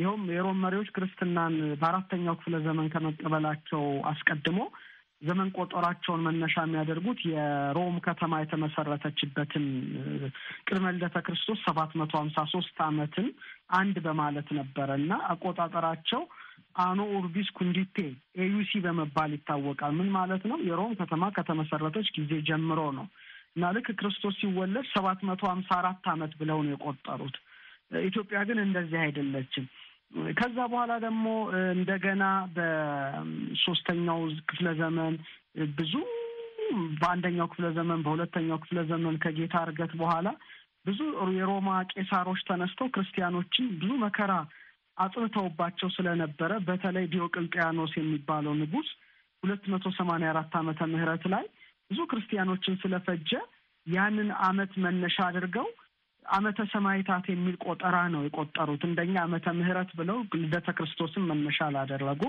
S14: ይኸውም የሮም መሪዎች ክርስትናን በአራተኛው ክፍለ ዘመን ከመቀበላቸው አስቀድሞ ዘመን ቆጠራቸውን መነሻ የሚያደርጉት የሮም ከተማ የተመሰረተችበትን ቅድመ ልደተ ክርስቶስ ሰባት መቶ ሀምሳ ሶስት አመትን አንድ በማለት ነበረ እና አቆጣጠራቸው አኖ ኡርቢስ ኩንዲቴ ኤዩሲ በመባል ይታወቃል። ምን ማለት ነው? የሮም ከተማ ከተመሰረተች ጊዜ ጀምሮ ነው እና ልክ ክርስቶስ ሲወለድ ሰባት መቶ ሀምሳ አራት አመት ብለው ነው የቆጠሩት። ኢትዮጵያ ግን እንደዚህ አይደለችም። ከዛ በኋላ ደግሞ እንደገና በሶስተኛው ክፍለ ዘመን ብዙ በአንደኛው ክፍለ ዘመን በሁለተኛው ክፍለ ዘመን ከጌታ እርገት በኋላ ብዙ የሮማ ቄሳሮች ተነስተው ክርስቲያኖችን ብዙ መከራ አጽንተውባቸው ስለነበረ በተለይ ዲዮቅልጥያኖስ የሚባለው ንጉስ ሁለት መቶ ሰማንያ አራት ዓመተ ምህረት ላይ ብዙ ክርስቲያኖችን ስለፈጀ ያንን አመት መነሻ አድርገው አመተ ሰማይታት የሚል ቆጠራ ነው የቆጠሩት። እንደኛ አመተ ምህረት ብለው ልደተ ክርስቶስን መነሻ አላደረጉ።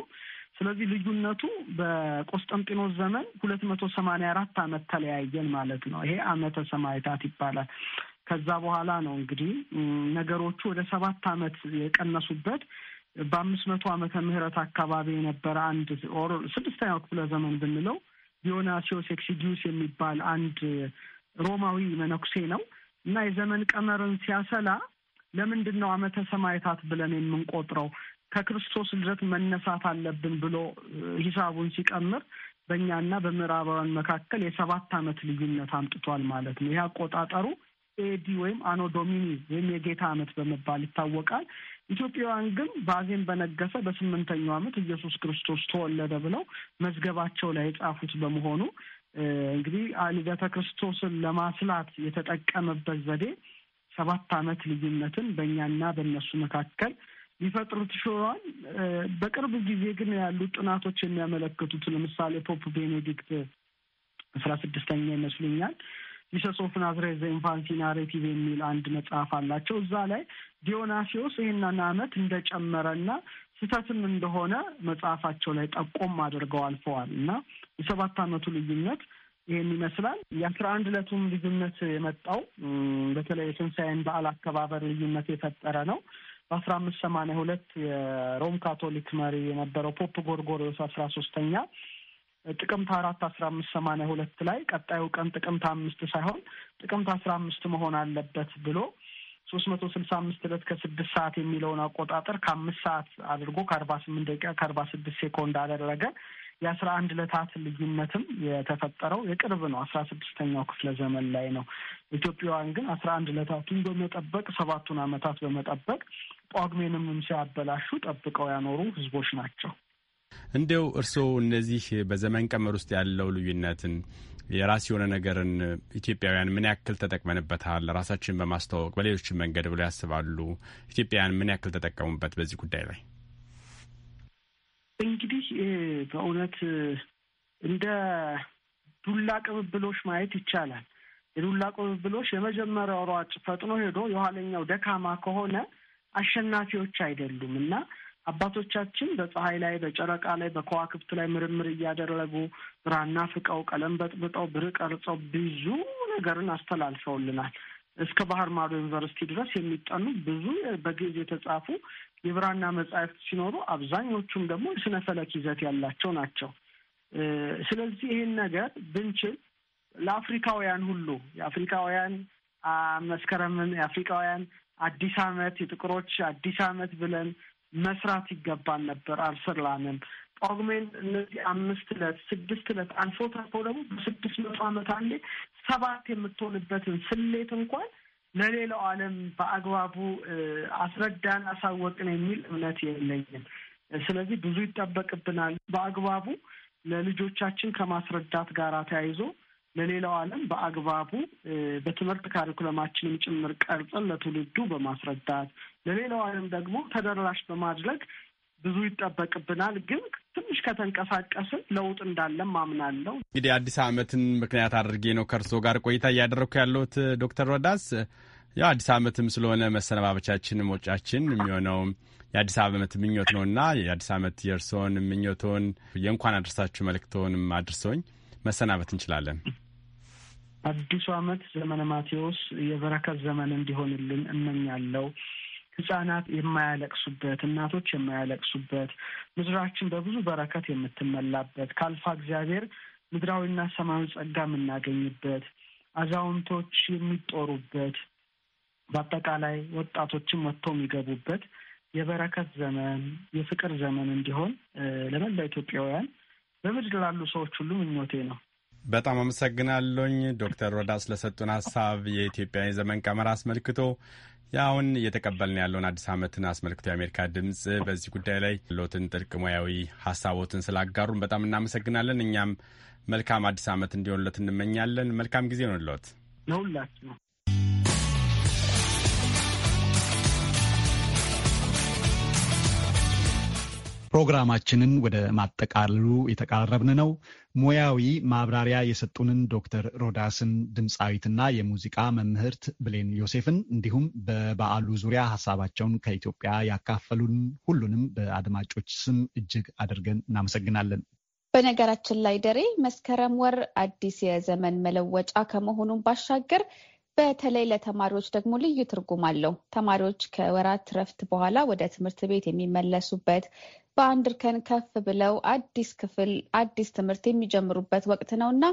S14: ስለዚህ ልዩነቱ በቆስጠንጢኖስ ዘመን ሁለት መቶ ሰማንያ አራት ዓመት ተለያየን ማለት ነው። ይሄ አመተ ሰማይታት ይባላል። ከዛ በኋላ ነው እንግዲህ ነገሮቹ ወደ ሰባት አመት የቀነሱበት በአምስት መቶ ዓመተ ምህረት አካባቢ የነበረ አንድ ኦር ስድስተኛው ክፍለ ዘመን ብንለው ዲዮናሲዮስ ኤክሲዲዩስ የሚባል አንድ ሮማዊ መነኩሴ ነው። እና የዘመን ቀመርን ሲያሰላ ለምንድን ነው አመተ ሰማዕታት ብለን የምንቆጥረው? ከክርስቶስ ልደት መነሳት አለብን ብሎ ሂሳቡን ሲቀምር በእኛና በምዕራባውያን መካከል የሰባት አመት ልዩነት አምጥቷል ማለት ነው። ይህ አቆጣጠሩ ኤዲ ወይም አኖ ዶሚኒ ወይም የጌታ ዓመት በመባል ይታወቃል። ኢትዮጵያውያን ግን በአዜም በነገሰ በስምንተኛው ዓመት ኢየሱስ ክርስቶስ ተወለደ ብለው መዝገባቸው ላይ የጻፉት በመሆኑ እንግዲህ ልደተ ክርስቶስን ለማስላት የተጠቀመበት ዘዴ ሰባት ዓመት ልዩነትን በእኛና በእነሱ መካከል ሊፈጥሩ ትችሏል። በቅርብ ጊዜ ግን ያሉ ጥናቶች የሚያመለክቱት ለምሳሌ ፖፕ ቤኔዲክት አስራ ስድስተኛ ይመስሉኛል ጂሰስ ኦፍ ናዝሬት ዘ ኢንፋንሲ ናሬቲቭ የሚል አንድ መጽሐፍ አላቸው። እዛ ላይ ዲዮናሲዎስ ይህንን ዓመት እንደጨመረና ስህተትም እንደሆነ መጽሐፋቸው ላይ ጠቆም አድርገው አልፈዋል እና የሰባት አመቱ ልዩነት ይህን ይመስላል። የአስራ አንድ ዕለቱም ልዩነት የመጣው በተለይ የትንሣኤን በዓል አከባበር ልዩነት የፈጠረ ነው። በአስራ አምስት ሰማንያ ሁለት የሮም ካቶሊክ መሪ የነበረው ፖፕ ጎርጎሪዎስ አስራ ሶስተኛ ጥቅምት አራት አስራ አምስት ሰማንያ ሁለት ላይ ቀጣዩ ቀን ጥቅምት አምስት ሳይሆን ጥቅምት አስራ አምስት መሆን አለበት ብሎ ሶስት መቶ ስልሳ አምስት እለት ከስድስት ሰዓት የሚለውን አቆጣጠር ከአምስት ሰዓት አድርጎ ከአርባ ስምንት ደቂቃ ከአርባ ስድስት ሴኮንድ አደረገ። የአስራ አንድ ዕለታት ልዩነትም የተፈጠረው የቅርብ ነው። አስራ ስድስተኛው ክፍለ ዘመን ላይ ነው። ኢትዮጵያውያን ግን አስራ አንድ ዕለታቱን በመጠበቅ ሰባቱን አመታት በመጠበቅ ጳጉሜንም ሲያበላሹ ጠብቀው ያኖሩ ህዝቦች ናቸው።
S9: እንዲው እርስዎ እነዚህ በዘመን ቀመር ውስጥ ያለው ልዩነትን የራስ የሆነ ነገርን ኢትዮጵያውያን ምን ያክል ተጠቅመንበታል፣ ራሳችን በማስተዋወቅ በሌሎችን መንገድ ብለው ያስባሉ? ኢትዮጵያውያን ምን ያክል ተጠቀሙበት? በዚህ ጉዳይ ላይ
S14: እንግዲህ በእውነት እንደ ዱላ ቅብብሎች ማየት ይቻላል። የዱላ ቅብብሎች የመጀመሪያው ሯጭ ፈጥኖ ሄዶ የኋለኛው ደካማ ከሆነ አሸናፊዎች አይደሉም እና አባቶቻችን በፀሐይ ላይ በጨረቃ ላይ በከዋክብት ላይ ምርምር እያደረጉ ብራና ፍቀው ቀለም በጥብጠው ብር ቀርጸው ብዙ ነገርን አስተላልፈውልናል። እስከ ባህር ማዶ ዩኒቨርሲቲ ድረስ የሚጠኑ ብዙ በግዕዝ የተጻፉ የብራና መጻሕፍት ሲኖሩ አብዛኞቹም ደግሞ የስነ ፈለክ ይዘት ያላቸው ናቸው። ስለዚህ ይህን ነገር ብንችል ለአፍሪካውያን ሁሉ የአፍሪካውያን መስከረምን የአፍሪካውያን አዲስ ዓመት የጥቁሮች አዲስ ዓመት ብለን መስራት ይገባል ነበር አልሰራንም። ጳጉሜን እነዚህ አምስት ዕለት ስድስት ዕለት አልፎ ተርፎ ደግሞ በስድስት መቶ ዓመት አንዴ ሰባት የምትሆንበትን ስሌት እንኳን ለሌላው ዓለም በአግባቡ አስረዳን፣ አሳወቅን የሚል እምነት የለኝም። ስለዚህ ብዙ ይጠበቅብናል። በአግባቡ ለልጆቻችን ከማስረዳት ጋር ተያይዞ ለሌላው ዓለም በአግባቡ በትምህርት ካሪኩለማችንም ጭምር ቀርጸን ለትውልዱ በማስረዳት ለሌላው ዓለም ደግሞ ተደራሽ በማድረግ ብዙ ይጠበቅብናል። ግን ትንሽ ከተንቀሳቀስን ለውጥ እንዳለም ማምናለው።
S9: እንግዲህ አዲስ ዓመትን ምክንያት አድርጌ ነው ከእርስዎ ጋር ቆይታ እያደረግኩ ያለሁት ዶክተር ሮዳስ ያው አዲስ ዓመትም ስለሆነ መሰነባበቻችን ሞጫችን የሚሆነው የአዲስ ዓመት ምኞት ነውና የአዲስ ዓመት የእርስዎን ምኞቶን የእንኳን አድርሳችሁ መልእክቶንም አድርሰውኝ መሰናበት እንችላለን።
S14: አዲሱ ዓመት ዘመነ ማቴዎስ የበረከት ዘመን እንዲሆንልን እመኛለሁ። ህጻናት የማያለቅሱበት፣ እናቶች የማያለቅሱበት፣ ምድራችን በብዙ በረከት የምትመላበት ከአልፋ እግዚአብሔር ምድራዊና ሰማያዊ ጸጋ የምናገኝበት፣ አዛውንቶች የሚጦሩበት፣ በአጠቃላይ ወጣቶችም ወጥተው የሚገቡበት የበረከት ዘመን የፍቅር ዘመን እንዲሆን ለመላ ኢትዮጵያውያን በምድር ላሉ ሰዎች ሁሉ ምኞቴ ነው።
S9: በጣም አመሰግናለኝ ዶክተር ሮዳ ስለሰጡን ሀሳብ የኢትዮጵያ የዘመን ቀመር አስመልክቶ አሁን እየተቀበልን ያለውን አዲስ ዓመትን አስመልክቶ የአሜሪካ ድምፅ በዚህ ጉዳይ ላይ ሎትን ጥልቅ ሙያዊ ሀሳቦትን ስላጋሩን በጣም እናመሰግናለን። እኛም መልካም አዲስ ዓመት እንዲሆንለት እንመኛለን። መልካም ጊዜ ነው ሎት
S1: ፕሮግራማችንን ወደ ማጠቃለሉ የተቃረብን ነው። ሙያዊ ማብራሪያ የሰጡንን ዶክተር ሮዳስን ድምፃዊትና የሙዚቃ መምህርት ብሌን ዮሴፍን እንዲሁም በበዓሉ ዙሪያ ሀሳባቸውን ከኢትዮጵያ ያካፈሉን ሁሉንም በአድማጮች ስም እጅግ አድርገን እናመሰግናለን።
S2: በነገራችን ላይ ደሬ መስከረም ወር አዲስ የዘመን መለወጫ ከመሆኑን ባሻገር በተለይ ለተማሪዎች ደግሞ ልዩ ትርጉም አለው። ተማሪዎች ከወራት ረፍት በኋላ ወደ ትምህርት ቤት የሚመለሱበት በአንድ እርከን ከፍ ብለው አዲስ ክፍል አዲስ ትምህርት የሚጀምሩበት ወቅት ነው እና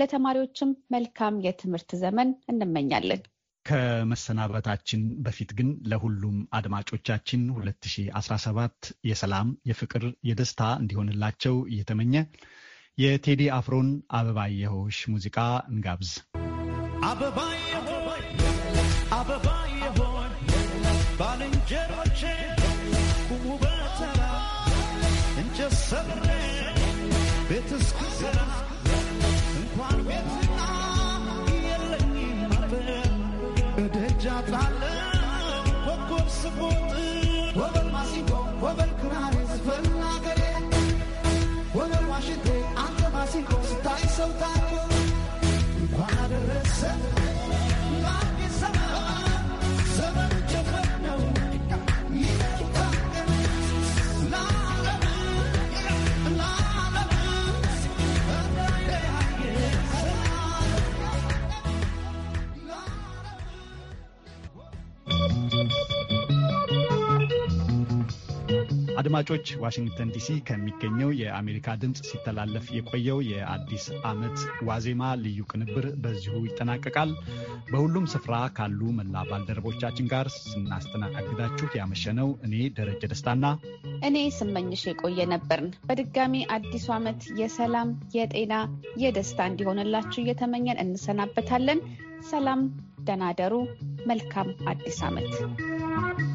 S2: ለተማሪዎችም መልካም የትምህርት ዘመን እንመኛለን።
S1: ከመሰናበታችን በፊት ግን ለሁሉም አድማጮቻችን 2017 የሰላም፣ የፍቅር፣ የደስታ እንዲሆንላቸው እየተመኘ የቴዲ አፍሮን አበባየሆሽ ሙዚቃ እንጋብዝ።
S10: አበባዬ ሆይ አበባዬ ሆይ ባልንጀሮቼ ቁሙ በተራ እንጨት ሰብሬ ቤት እስክሰራ እንኳን ቤትና የለኝም አፈር እደጃታለሁ ኮከብ ስቦጥ ወበል ማሲንቆ ወበል ክራር ዝፈን አገሬ ወበል ዋሽንቴ አንተ ማሲንቆ ስታይ ሰውታቸው Seven.
S1: አድማጮች፣ ዋሽንግተን ዲሲ ከሚገኘው የአሜሪካ ድምፅ ሲተላለፍ የቆየው የአዲስ ዓመት ዋዜማ ልዩ ቅንብር በዚሁ ይጠናቀቃል። በሁሉም ስፍራ ካሉ መላ ባልደረቦቻችን ጋር ስናስተናግዳችሁ ያመሸነው እኔ ደረጀ ደስታና
S2: እኔ ስመኝሽ የቆየ ነበርን። በድጋሚ አዲሱ ዓመት የሰላም የጤና የደስታ እንዲሆንላችሁ እየተመኘን እንሰናበታለን። ሰላም፣ ደህና ደሩ። መልካም አዲስ ዓመት።